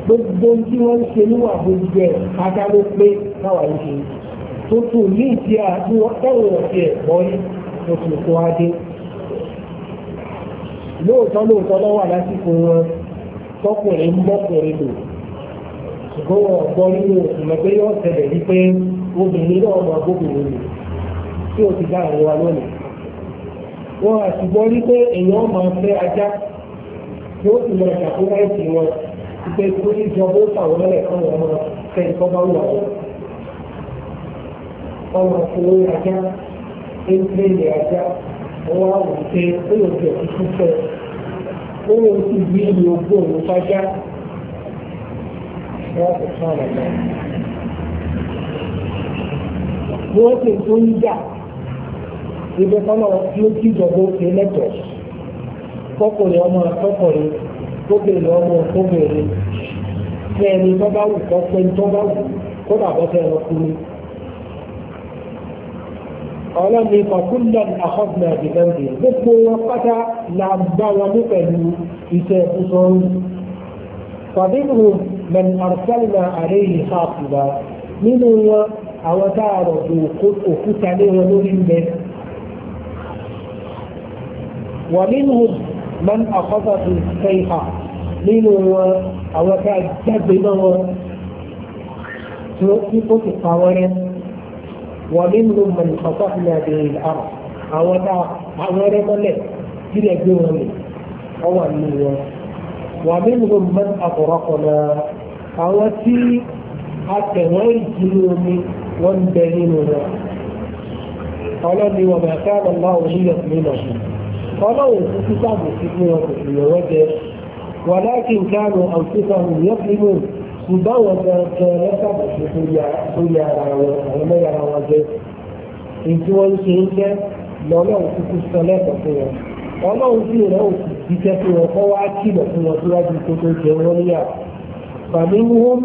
A: gbogbo tí wọ́n ń ṣe níwà gbogbo ẹ̀ pátá ló pé káwa ń ṣe tó tù ní ìdí àti ọ̀rọ̀ ọ̀sì ẹ̀kọ́ ní oṣù tó adé lóòótọ́ lóòótọ́ lọ́wọ́ lásìkò wọn tọkùnrin ń bọ́kùnrin lò ṣùgbọ́n wọn gbọ́ nínú òṣùmọ̀ pé yóò ṣẹlẹ̀ wípé obìnrin náà mọ agbóbìnrin lò tí ó ti dá àwọn wa lónìí wọn àti gbọ́ wípé èèyàn máa fẹ́ ajá tí ó sì lọ ṣàkóso ẹ̀sìn wọn ìpè tó ní ìjọba ó fà wọn lẹ̀ fún wọn fẹ́ ìkọ́ wù àwọn ọmọ ìṣòro ajá ẹgbẹ́lẹ̀ ajá wọ́n á wò pé ó lè jẹ́ tuntun fẹ́ ó lè ti bí ìlú ogún òun fájá wọ́n kò tán ọ̀nà bí wọ́n sì tún ń jà ibi kọ́nà ló kí ìjọba òkè lẹ́tọ̀ọ́ kọ́kùnrin ọmọ akọ́kùnrin kóbìnrin ọmọ kóbìnrin fẹ́ẹ́ni tó wù kọ́ pé tó wù kó bàbá fẹ́ẹ́ lọ ọlọ́ni ọ̀kúnlẹ̀ àkọ́bìnrin àdìgbẹ́ǹdì gbogbo wọn pátá la gbá wọn ní pẹ̀lú iṣẹ́ ìṣòro fàdínù mẹ́ni àrùsálìmà àríyí sáàpùbà nínú wọn àwọn tá a rọ̀ ju òkúta lé wọn lórí ń bẹ wà nínú mẹ́ni àkọ́bìnrin sẹ́yà nínú wọn àwọn tá a jágbe náà wọn tí ó ti pa wọn rẹ́ ومنهم من خطفنا به الأرض أو أو رمله كلا جمله أو النور ومنهم من أغرقنا أو تي حتى ويجلوني وانبيننا قال لي وما كان الله ليظلمهم قالوا كتاب في وجه ولكن كانوا أنفسهم يظلمون ṣùgbọ́n àwọn gangan lọ́sàbàṣe tó yà ara wọn àwọn mẹ́rin ara wọn jẹ́ èyí tí ṣe ń jẹ́ lọ́lọ́run kúkú sọ lẹ́kọ̀ọ́ fún wọn ọlọ́run sì rẹ̀ òkú jíjẹ́ fún wọn kọ́ wá kìlọ̀ fún wọn síwájú tó tó jẹ wọ́n níyà fàmí wọn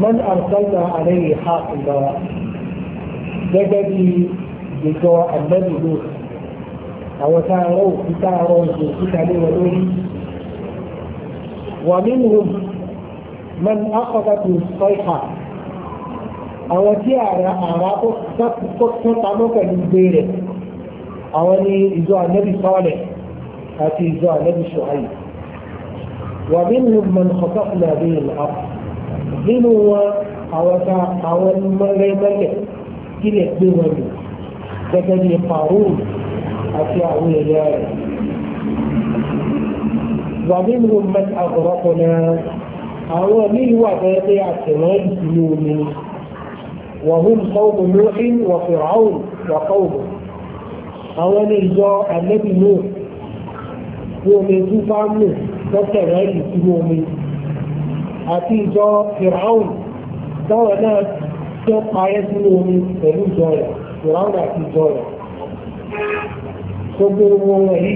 A: mọ́n àrùsọ́nà àlẹ́ ha ìgbà gẹ́gẹ́ bí ìjọ àgbẹ̀bí lò àwọn tá òkúta rọ òkúta lé wọn lórí ومنهم من أخذته الصيحة àwọn tí àrà àrà tó tamọ́ pẹ̀lú gbére àwọn ni ìjọ ànábì sọ́ọ̀lẹ̀ àti ìjọ ànábì ṣọ́ọ̀lì wà nínú mọ̀n kọ́kọ́kùnà bí ìlú àpò nínú wọn àwọn ta àwọn mọ́lẹ́mọ́lẹ̀ kí lè gbé wọn lò gẹ́gẹ́ bí pàrọ̀ àti àwọn èèyàn rẹ̀. ومنهم من أغرقنا àwọn míì wà bẹ́ẹ̀ pé àtẹ̀wọ́n ìlú omi wọ̀hún kọ́ọ̀mù lóhìn wọ̀fìràún wọ̀kọ́ọ̀mù àwọn ní ìjọ àlẹ́bí náà bí omi tú bá mú lọ́tẹ̀rẹ́ ìlú omi àti ìjọ fìràún táwọn náà tó parẹ́ sínú omi pẹ̀lú ìjọ rẹ̀ fìràún àti ìjọ rẹ̀ gbogbo wọn yìí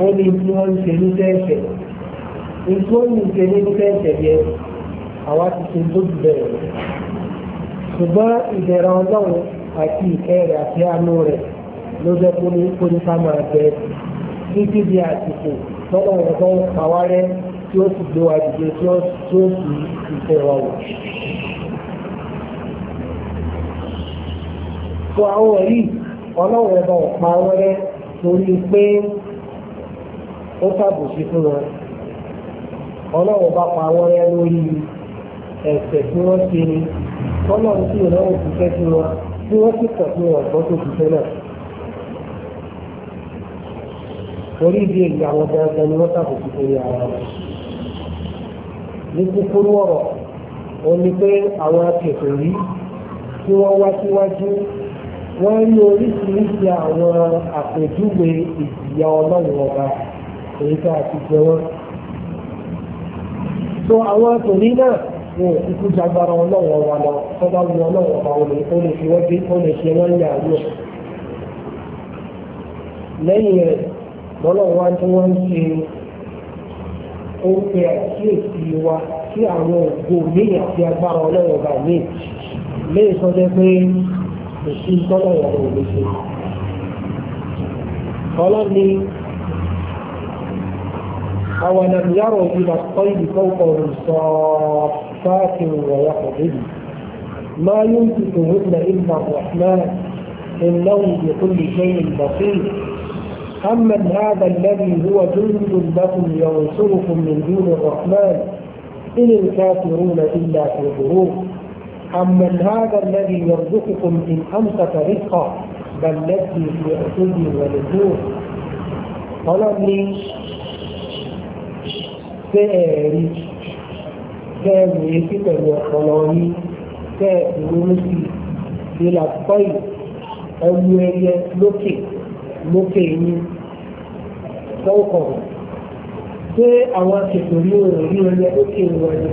A: ó ní tí wọ́n ń ṣe ní tẹ́ẹ̀tẹ̀ ní tí wọ́n ń ṣe ní tẹ́ẹ̀tẹ̀ yẹn àwa ti ṣe tó ti bẹ̀rẹ̀ ṣùgbọ́n ìbẹ̀rẹ̀ ọlọ́run àti ìkẹ́ rẹ̀ àti àánú rẹ̀ ló jẹ́ kó ní kó ní ká máa bẹ títí di àsìkò lọ́dọ̀ ọ̀dọ́ àwárẹ́ tí ó sì gbé wa dìde tí ó sì ìfẹ́ wa wò. Fún àwọn wọ̀nyí, ọlọ́run ẹ̀bọ̀ pa wẹ́rẹ́ torí pé ó ṣàbòsí fún wọn ọlọ́run bá pa wọ́n rẹ́ lórí ẹ̀ṣẹ̀ tí wọ́n ṣe ni ọlọ́run sì rán òṣìṣẹ́ sí wọn tí wọ́n sì kàn sí wọn gbọ́n tó ṣiṣẹ́ náà torí ìdí èyí àwọn dandan ni wọ́n ṣàbòsí fún ara wọn ní kúkúrú ọ̀rọ̀ ó ní pé àwọn akẹ́kọ̀ọ́ yìí tí wọ́n wá síwájú wọ́n rí oríṣiríṣi àwọn àpèjúwe ìjìyà ọlọ́run ọba èyí tá a jẹ wọ́n. so àwọn àtòrí náà wọn ò kúkú jagbara ọlọ́wọ́ wa lọ tó bá wù ọlọ́wọ́ wa ò lè ó lè fi wọ́n dé ó lè ṣe wọ́n yà lọ. lẹ́yìn rẹ̀ lọ́lọ́wọ́ wa tí wọ́n ń ṣe oúnjẹ àkíyèsí wa sí àwọn ògbó mi àti agbára ọlọ́wọ́ wa mi lè sọ pé kò sí tọ́lọ́wọ́ wa ò lè ṣe. ọlọ́ni أولم يروا إلى الطير فوقهم صافات ويقبضن ما يمسكهن إلا الرحمن إنه بكل شيء بصير أمن هذا الذي هو جند لكم ينصركم من دون الرحمن إن الكافرون إلا في غرور أمن هذا الذي يرزقكم إن أمسك رزقه بل نفسي في عتب ونفور طلب لي tẹ́ ẹ̀rí tẹ́ ẹ̀rí sí pẹ̀lú ọ̀pọ̀lọ yín tẹ́ ìrònú sí ìlà pọ́ì ẹwu ẹyẹ lókè lókè yín tọ́kọ̀ pé àwọn akẹ́kọ̀ọ́ yóò rí ẹyẹ lókè wọn ni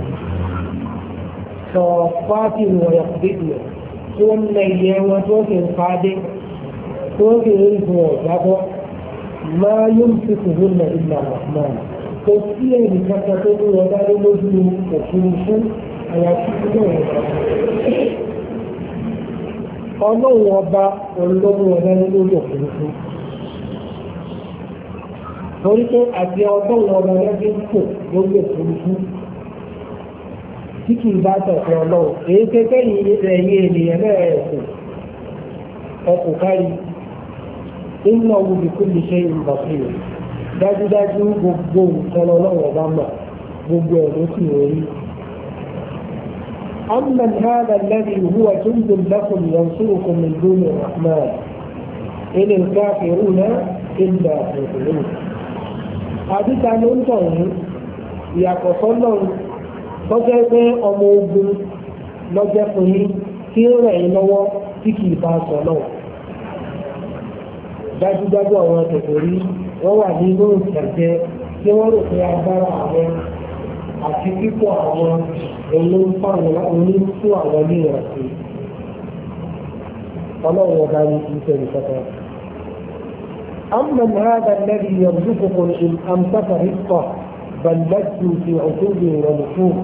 A: sọ fáàtì wọn yà pé ìyẹn tí lẹ ìyẹn wọn tí wọ́n fi ń fàdé tí wọ́n fi ń rí ọ̀gá bọ́ máa yóò fi kùnú lẹ ìlànà náà kò sí ẹ̀rì kankan tó ní ọ̀dá lé lójú òfurufú àyàfi ọlọ́run ọba ọlọ́run ọba olóhùn ọ̀dá lé lójú òfurufú torí pé àti ọlọ́run ọba lẹ́gbẹ́ pò lórí òfurufú tí kì í bá tọ̀sẹ̀ ọlọ́run èyí kékeré ẹ̀yẹ ènìyàn dájúdájú gbogbo nǹkan ọlọ́run ọba gbogbo ẹ̀ ló sì rí. أمن هذا الذي هو جند لكم ينصركم من دون الرحمن ka الكافرون na في غرور àdìta ló ń tàn yín ìyàtọ̀ sọ́nà lọ́jọ́ pé ọmọ ogun lọ́jọ́ fún yín tí wọ́n wà nínú ìtẹ̀jẹ́ tí wọ́n rò pé agbára àwọn àti pípọ̀ àwọn olóńtú àwọn ní ìrọ̀sí. ọlọ́run ọba ní ìṣẹ̀lẹ̀ kankan. أما هذا الذي يرزقكم إن أمسك رزقه بل لجوا في عتوب ونفور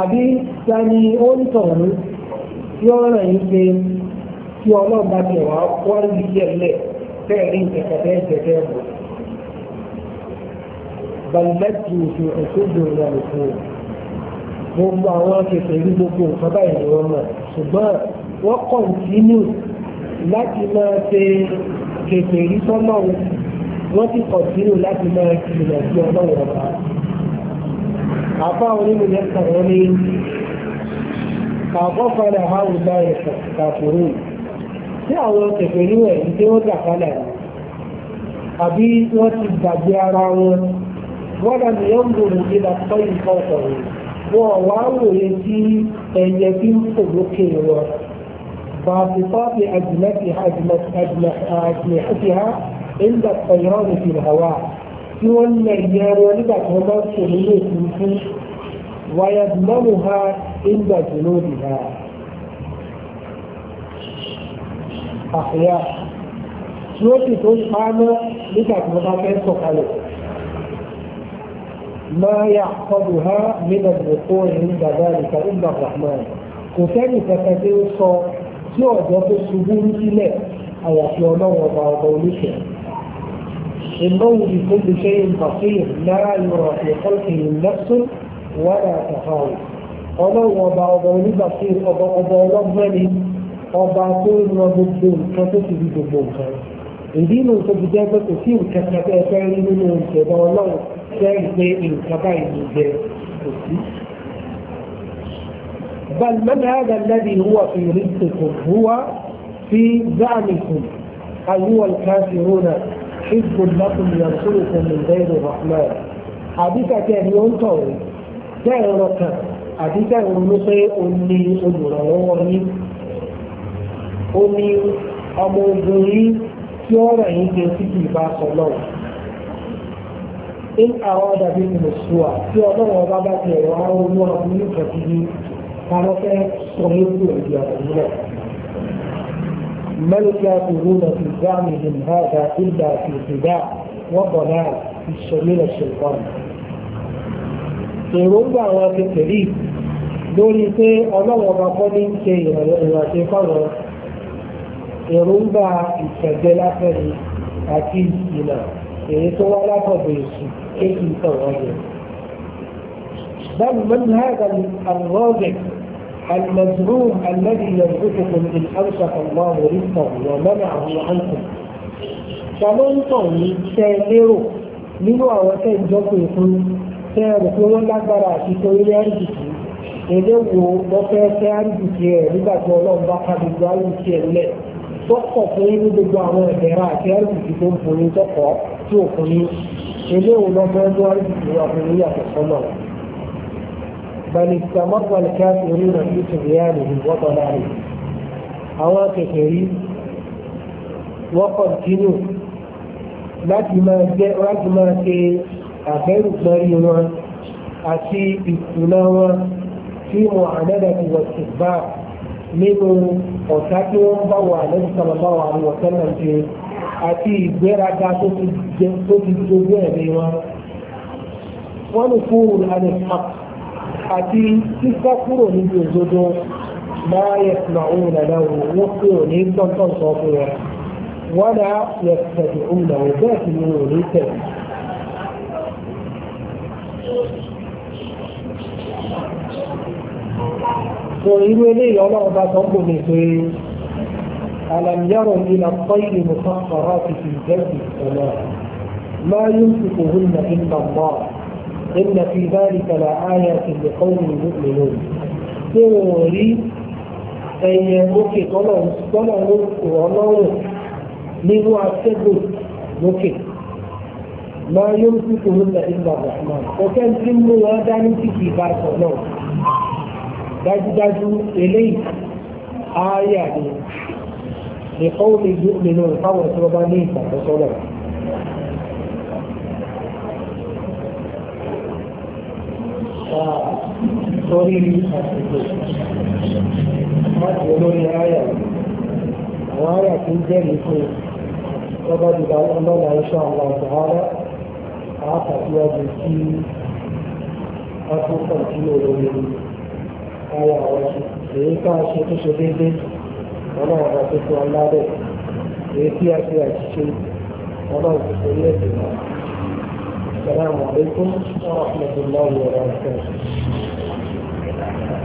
A: àbí ta ó ń sọ̀rọ̀ tí ó ràn yín pé tí ọlọ́run bá ti wá wá rí iṣẹ́ lẹ̀ bẹ́ẹ̀ rí nǹkan bẹ́ẹ̀ jẹ́jẹ́ bọ̀. Bàlùmẹ́tì òfin òṣèlú ìrìn àlùkò gbogbo àwọn akẹ́kẹ̀ẹ́ rí gbogbo nǹkan báyìí ni wọ́n mọ̀ ṣùgbọ́n wọ́n kọ̀ǹtínú láti máa ṣe kẹ̀kẹ́ rí sọ́nà wọ́n ti kọ̀ǹtínú láti máa kìlọ̀ sí ọlọ́run ọba. Àbá onímọ̀ kàbọ́fàlà haúlá ìkàkùrù tí àwọn kẹfẹ́rí ẹ̀ ń tí wọ́n dàkálà rẹ̀ àbí wọ́n ti gbàgbé ara wọn wọ́dà ni yóò ń gbòòrò ìlà pẹ́yì kọ́ọ̀tọ̀ rẹ̀ wọ́n wá wòye sí ẹ̀yẹ tí ń pò lókè wọn باسطات أجنحتها أجنحتها عند الطيران في الهواء يولى الجار ولدك هما سلوك ويضمنها عند جنودها أحياء tí ó sì tó ń pamọ́ nígbà tí wọ́n bá fẹ́ sọ̀kalẹ̀ máa yà kọlù ha nínú ìrọ̀kọ́ ìrìn dàda nìkan ìgbà rahman kò sẹ́ni kankan tí ó sọ tí ọ̀dọ́ tó ṣubú nílẹ̀ àyàfi ọlọ́run ọba ọba oníṣẹ́ ìnáwó ìfúnniṣẹ́ ìbàfihàn lára ìrọ̀ ìkọ́lùkì ìlẹ́sùn wọ́n àtàkàwò ọlọ́run ọba ọba onígbàtí ọba ọba ọlọ́gbọ́n ni ọba tó ń lọ gbogbo nǹkan tó ti di gbogbo nǹkan ìdí inú tó fi jẹ́ pé kò sí nǹkan kan bẹ́ẹ̀ fẹ́ rí nínú ìjọba ọlọ́run fẹ́ẹ́ pé nǹkan báyìí ló jẹ kò sí. بل من هذا الذي هو في رزقكم هو في زعمكم أي هو الكافرون حزب لكم ينصركم من غير الرحمن حديثك يعني ينطوي dẹ́ẹ̀rọ kan àbí dẹ́ẹ̀rọ ló pé o ní olùrànlọ́wọ́ yín o ní ọmọ ogun yín tí ó rẹ̀ yín jẹ títí ìbá sọ lọ́wọ́ in àwọn ọ̀dàbí mùsùlùmá tí ọlọ́wọ́ bá bá ti ẹ̀rọ àwọn olú ọ̀rọ̀ ní ìkàtí yìí kárọ́ fẹ́ sọ ní kú ẹ̀dì ọ̀rọ̀ náà ملك يقولون في زعمهم هذا إلا في خداع وضلال في سبيل الشيطان èròǹgbà àwọn akẹ́kẹ̀rí lórí pé ọlọ́wọ́ ọba kọ́ ní ṣe ìrìnàṣẹ fáwọn èròǹgbà ìṣẹ̀jẹ̀ láfẹ́ni àti ìsìnà èyí tó wá látọ̀dọ̀ èsì kéèkì ìtàn wọn yẹn. بل من هذا الراجع المزروع الذي يرزقكم إن أمسك الله رزقه ومنعه عنكم فمن تعني سيليرو nínú àwọn tẹ́ ìjọ́pọ̀ ìfún tẹ́ ẹ̀rọ pé wọ́n lágbára àti torí àríjìkì èdè wo lọ́fẹ́ fẹ́ àríjìkì ẹ̀ nígbà tí ọlọ́run bá ká gbogbo àríjìkì ẹ̀ lẹ̀ tọ́kọ̀ fún yín ní gbogbo àwọn ẹ̀dẹ̀rà àti àríjìkì tó ń fún yín tọ́kọ̀ tí ò fún yín èdè wo lọ́fẹ́ fún àríjìkì wà fún yín yàtọ̀ sọ́nà. balùwẹ̀ mọ́tò àlùkáàtì orí rẹ̀ ní tìrìyàn láti máa ṣe àbẹ́rùgbẹ́rí wọn àti ìkùnà wọn tí wọn àdẹ́dàbí wọ̀ sí bá nínú ọ̀tá tí wọ́n bá wà lẹ́yìn sọ̀rọ̀bá wà ní ọ̀tẹ́lẹ̀ ṣe àti ìgbéraga tó ti dojú ẹ̀mí wọn. wọ́n ní fóònù àdìsá àti sísá kúrò níbi òdodo máa yẹ fún àwọn ìlànà òun pé ò ní fún wọn. wọ́n dá yẹ fẹ̀dẹ̀ òun náà bẹ́ẹ̀ sì ni òun ní sọ irú eléyìí ọlọ́run bá sọ ń bò mí pé àlàmìyàrò ìlà pọ́ìlì nìkan ọ̀rọ̀ ti fi jẹ́bi ọ̀nà máa yún ti kò hún nà ìlà mọ́ ìlà fi báyìí kàlà áyà ti lè kọ́ ní ìlú mìíràn ṣé rí ẹyẹ lókè tọ́lọ̀ nínú atẹ́gùn lókè máa yún ti kò nà ìlà mọ́ ọ̀kẹ́ ń tí mú wọn dání sí kì í bá sọ náà dájúdájú eléyìí ááyà ni nìkan ó lè gbé nínú ìfáwọn tí wọ́n bá ní ìgbàgbọ́sọ́lọ̀. Sọ́rí àsìkò láti olórí ááyà àwọn ááyà tí ń jẹ́rìí fún lọ́gbà jùlọ ọlọ́lá iṣẹ́ àwọn àgbàrá àátàkíwájú sí ọdún kan tí ó lórí káyà wa èyí tá a ṣe tó ṣe déédéé ọlọ́run bá tó fún ọlá rẹ̀ èyí tí a ṣe àṣìṣe ọlọ́run tó ṣe yẹ ẹ̀sìn náà. السلام عليكم ورحمة الله
C: وبركاته